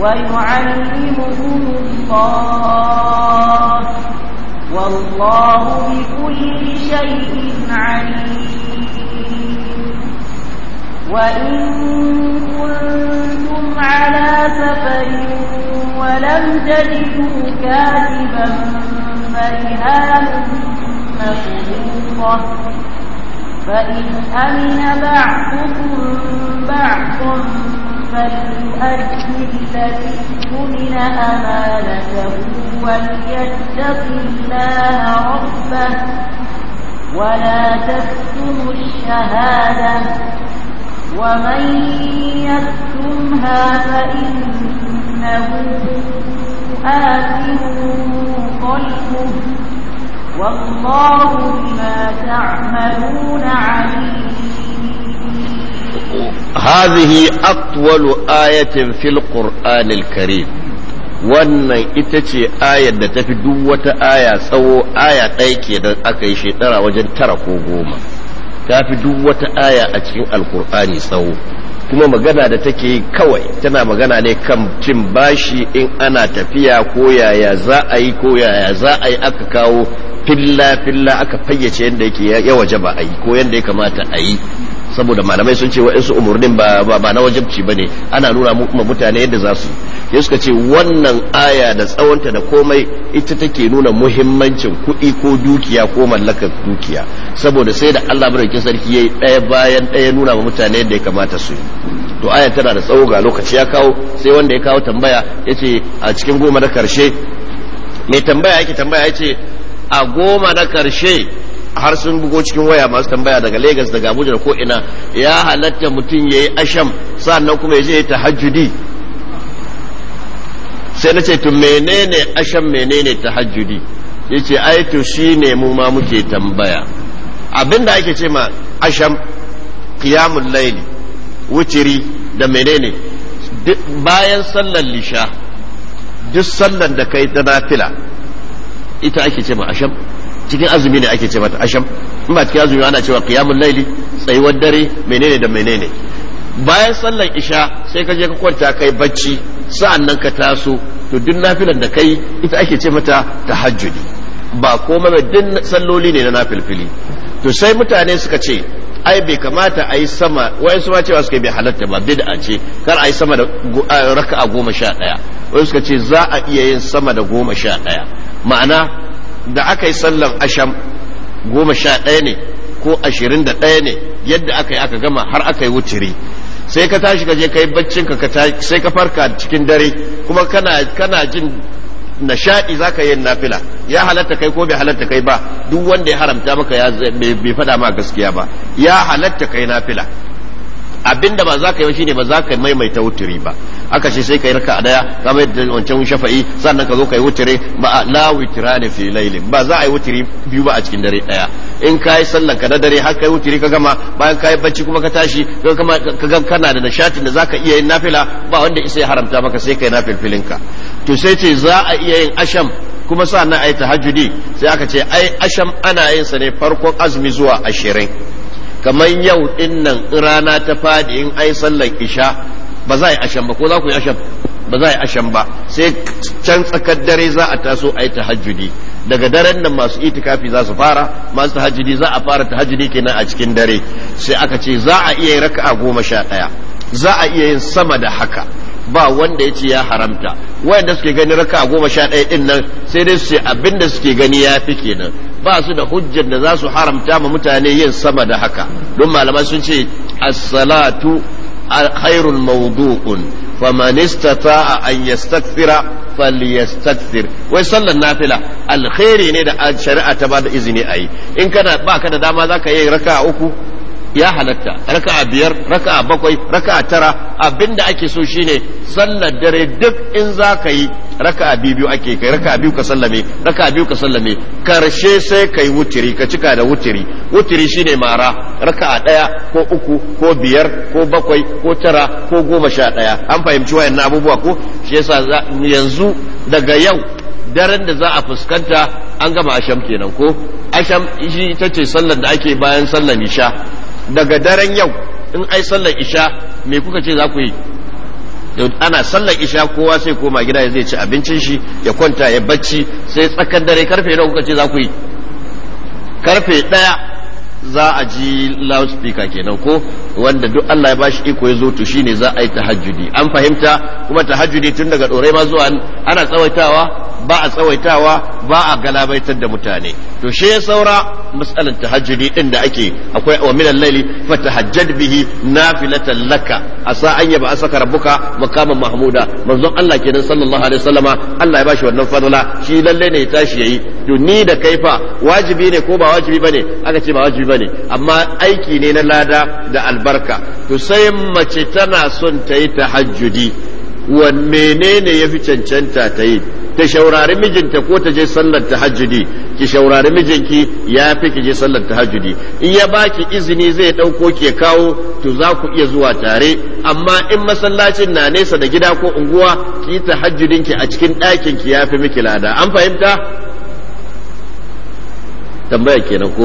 ويعلمكم الله والله بكل شيء عليم وإن كنتم على سفر ولم تجدوا كاذبا فرهان مقبوضة فإن أمن بعضكم بعضا فليؤدي الذي أمن أمانته وليتق الله ربه ولا تكتموا الشهادة ومن يكتمها فإن إنه آثم قلبه والله بما تعملون عليم
هذه أطول آية في القرآن الكريم wannan ita ce ayar da tafi duk wata aya tsawo aya ɗaya ke da aka yi shekara wajen tara ko goma ta fi duk wata aya a cikin Alƙur'ani tsawo kuma magana da take yi kawai tana magana ne kan cin bashi in ana tafiya ko yaya za a yi ko yaya za a yi aka kawo filla-filla aka fayyace yadda yake ya waje ba a yi ko yadda ya kamata a yi saboda malamai sun ce wa umurnin ba ba na ba ne ana nuna ma mutane yadda za su ya suka ce wannan aya da tsawonta da komai ita take nuna muhimmancin kuɗi ko dukiya ko mallakar dukiya saboda sai da Allah barkin sarki ya yi ɗaya bayan ɗaya nuna ma mutane yadda ya kamata su to aya tana da tsawo ga lokaci ya kawo sai wanda ya kawo tambaya ya ce a cikin goma na karshe mai tambaya yake tambaya ya ce a goma na karshe har sun bugo cikin waya masu tambaya daga Legas daga Abuja ko ina ya halatta mutum yayi asham sannan kuma ya je tahajjudi sai nace ce to menene asham menene tahajjudi yace ai to shine mu ma muke tambaya abinda ake ce ma asham qiyamul layli wuciri da menene bayan sallar lisha duk sallar da kai ta nafila ita ake ce ma asham cikin azumi ne ake ce mata asham in ba cikin azumi ana cewa qiyamul laili tsayuwar dare menene da menene bayan sallar isha sai ka je ka kwanta kai bacci sa'annan ka taso to duk nafilan da kai ita ake ce mata tahajjudi ba komai ba duk salloli ne na nafilfili to sai mutane suka ce ai bai kamata a yi sama wai su ma cewa suka bai halatta ba bid'a ce kar a yi sama da raka'a goma sha ɗaya wai suka ce za a iya yin sama da goma sha ɗaya ma'ana da aka yi sallar asham goma sha ɗaya ne ko ashirin da ɗaya ne yadda aka yi aka gama har aka yi wuturi. sai ka tashi ka je ka yi baccin ka sai ka farka cikin dare kuma kana kana jin nishaɗi za ka yi nafila ya halatta kai ko bai halatta kai ba duk wanda ya haramta maka ya bai faɗa ma gaskiya ba ya halatta kai nafila abinda ba za ka yi ba shine ba za ka maimaita wuturi ba aka ce sai ka yi raka daya ka mai da wancan shafa'i sannan ka zo ka yi wuturi ba la ne fi lailin ba za a yi wuturi biyu ba a cikin dare daya in ka yi sallan ka na dare har ka yi wuturi ka gama bayan ka yi bacci kuma ka tashi ka ga kana da nishatin da za ka iya yin nafila ba wanda isa ya haramta maka sai ka yi nafilfilin ka to sai ce za a iya yin asham kuma sa'annan a yi tahajjudi sai aka ce ai asham ana yin sa ne farkon azumi zuwa ashirin kamar yau din nan rana ta fadi in ai sallar isha ba za a yi ashan ba ko za ku yi ashan ba za a yi ashan ba sai can tsakar dare za a taso a yi tahajjudi daga daren nan masu itikafi za su fara masu tahajjudi za a fara tahajjudi kenan a cikin dare sai aka ce za a iya yin raka'a goma sha ɗaya za a iya yin sama da haka ba wanda ya ce ya haramta wayanda suke gani raka goma sha ɗaya ɗin nan sai dai su ce abin da suke gani ya fi kenan ba su da hujjar da za su haramta ma mutane yin sama da haka don malamai sun ce Asalatu salatu khairul mawdu'un istata'a an أن يستكثر wai sallar nafila alkhairi ne da shari'a ta bada izini ayi in kana ba ka da dama zaka yi raka'a uku ya halatta raka'a biyar raka'a bakwai raka'a tara abinda ake so shine sallar dare duk in za ka yi raka'a biyu ake kai raka'a biyu ka sallame raka'a biyu ka sallame karshe sai kai wuturi ka cika da wuturi. Wuturi shine mara raka'a daya ko uku ko biyar ko bakwai ko tara ko goma sha daya an fahimci wayannan abubuwa ko shi yasa yanzu daga yau daren da za a fuskanta an gama asham kenan ko asham shi ita ce sallar da ake bayan sallar isha daga daren yau in ai sallar isha me kuka ce za ku yi ana sallar isha kowa sai koma gida ya zai ci abincin shi ya kwanta ya bacci sai tsakar dare karfe nawa kuka ce za ku yi karfe ɗaya za a ji loudspeaker kenan ko wanda duk Allah ya bashi iko ya zo to shine za a yi tahajjudi an fahimta kuma tahajjudi tun daga dorai ma zuwa ana tsawaitawa ba a tsawaitawa ba a galabaitar da mutane to she saura mas'alan tahajjudi din da ake akwai wa minal laili fatahajjad bihi nafilatan laka asa an yaba asaka rabbuka makaman mahmuda manzon Allah kenan sallallahu alaihi wasallama Allah ya bashi wannan fadla shi lalle ne ya tashi yayi to ni da kaifa wajibi ne ko ba wajibi bane aka ce ba wajibi bane amma aiki ne na lada da albarka to sai mace tana son ta yi tahajjudi wan menene yafi cancanta ta yi ta shaurari mijinta ko ta je sallar tahajjudi ki shaurari mijinki ya fi ki je sallar tahajjudi in ya baki izini zai dauko ki kawo to za ku iya zuwa tare amma in masallacin na nesa da gida ko unguwa ki tahajjudin a cikin ɗakin ki ya fi miki lada an fahimta tambaya kenan ko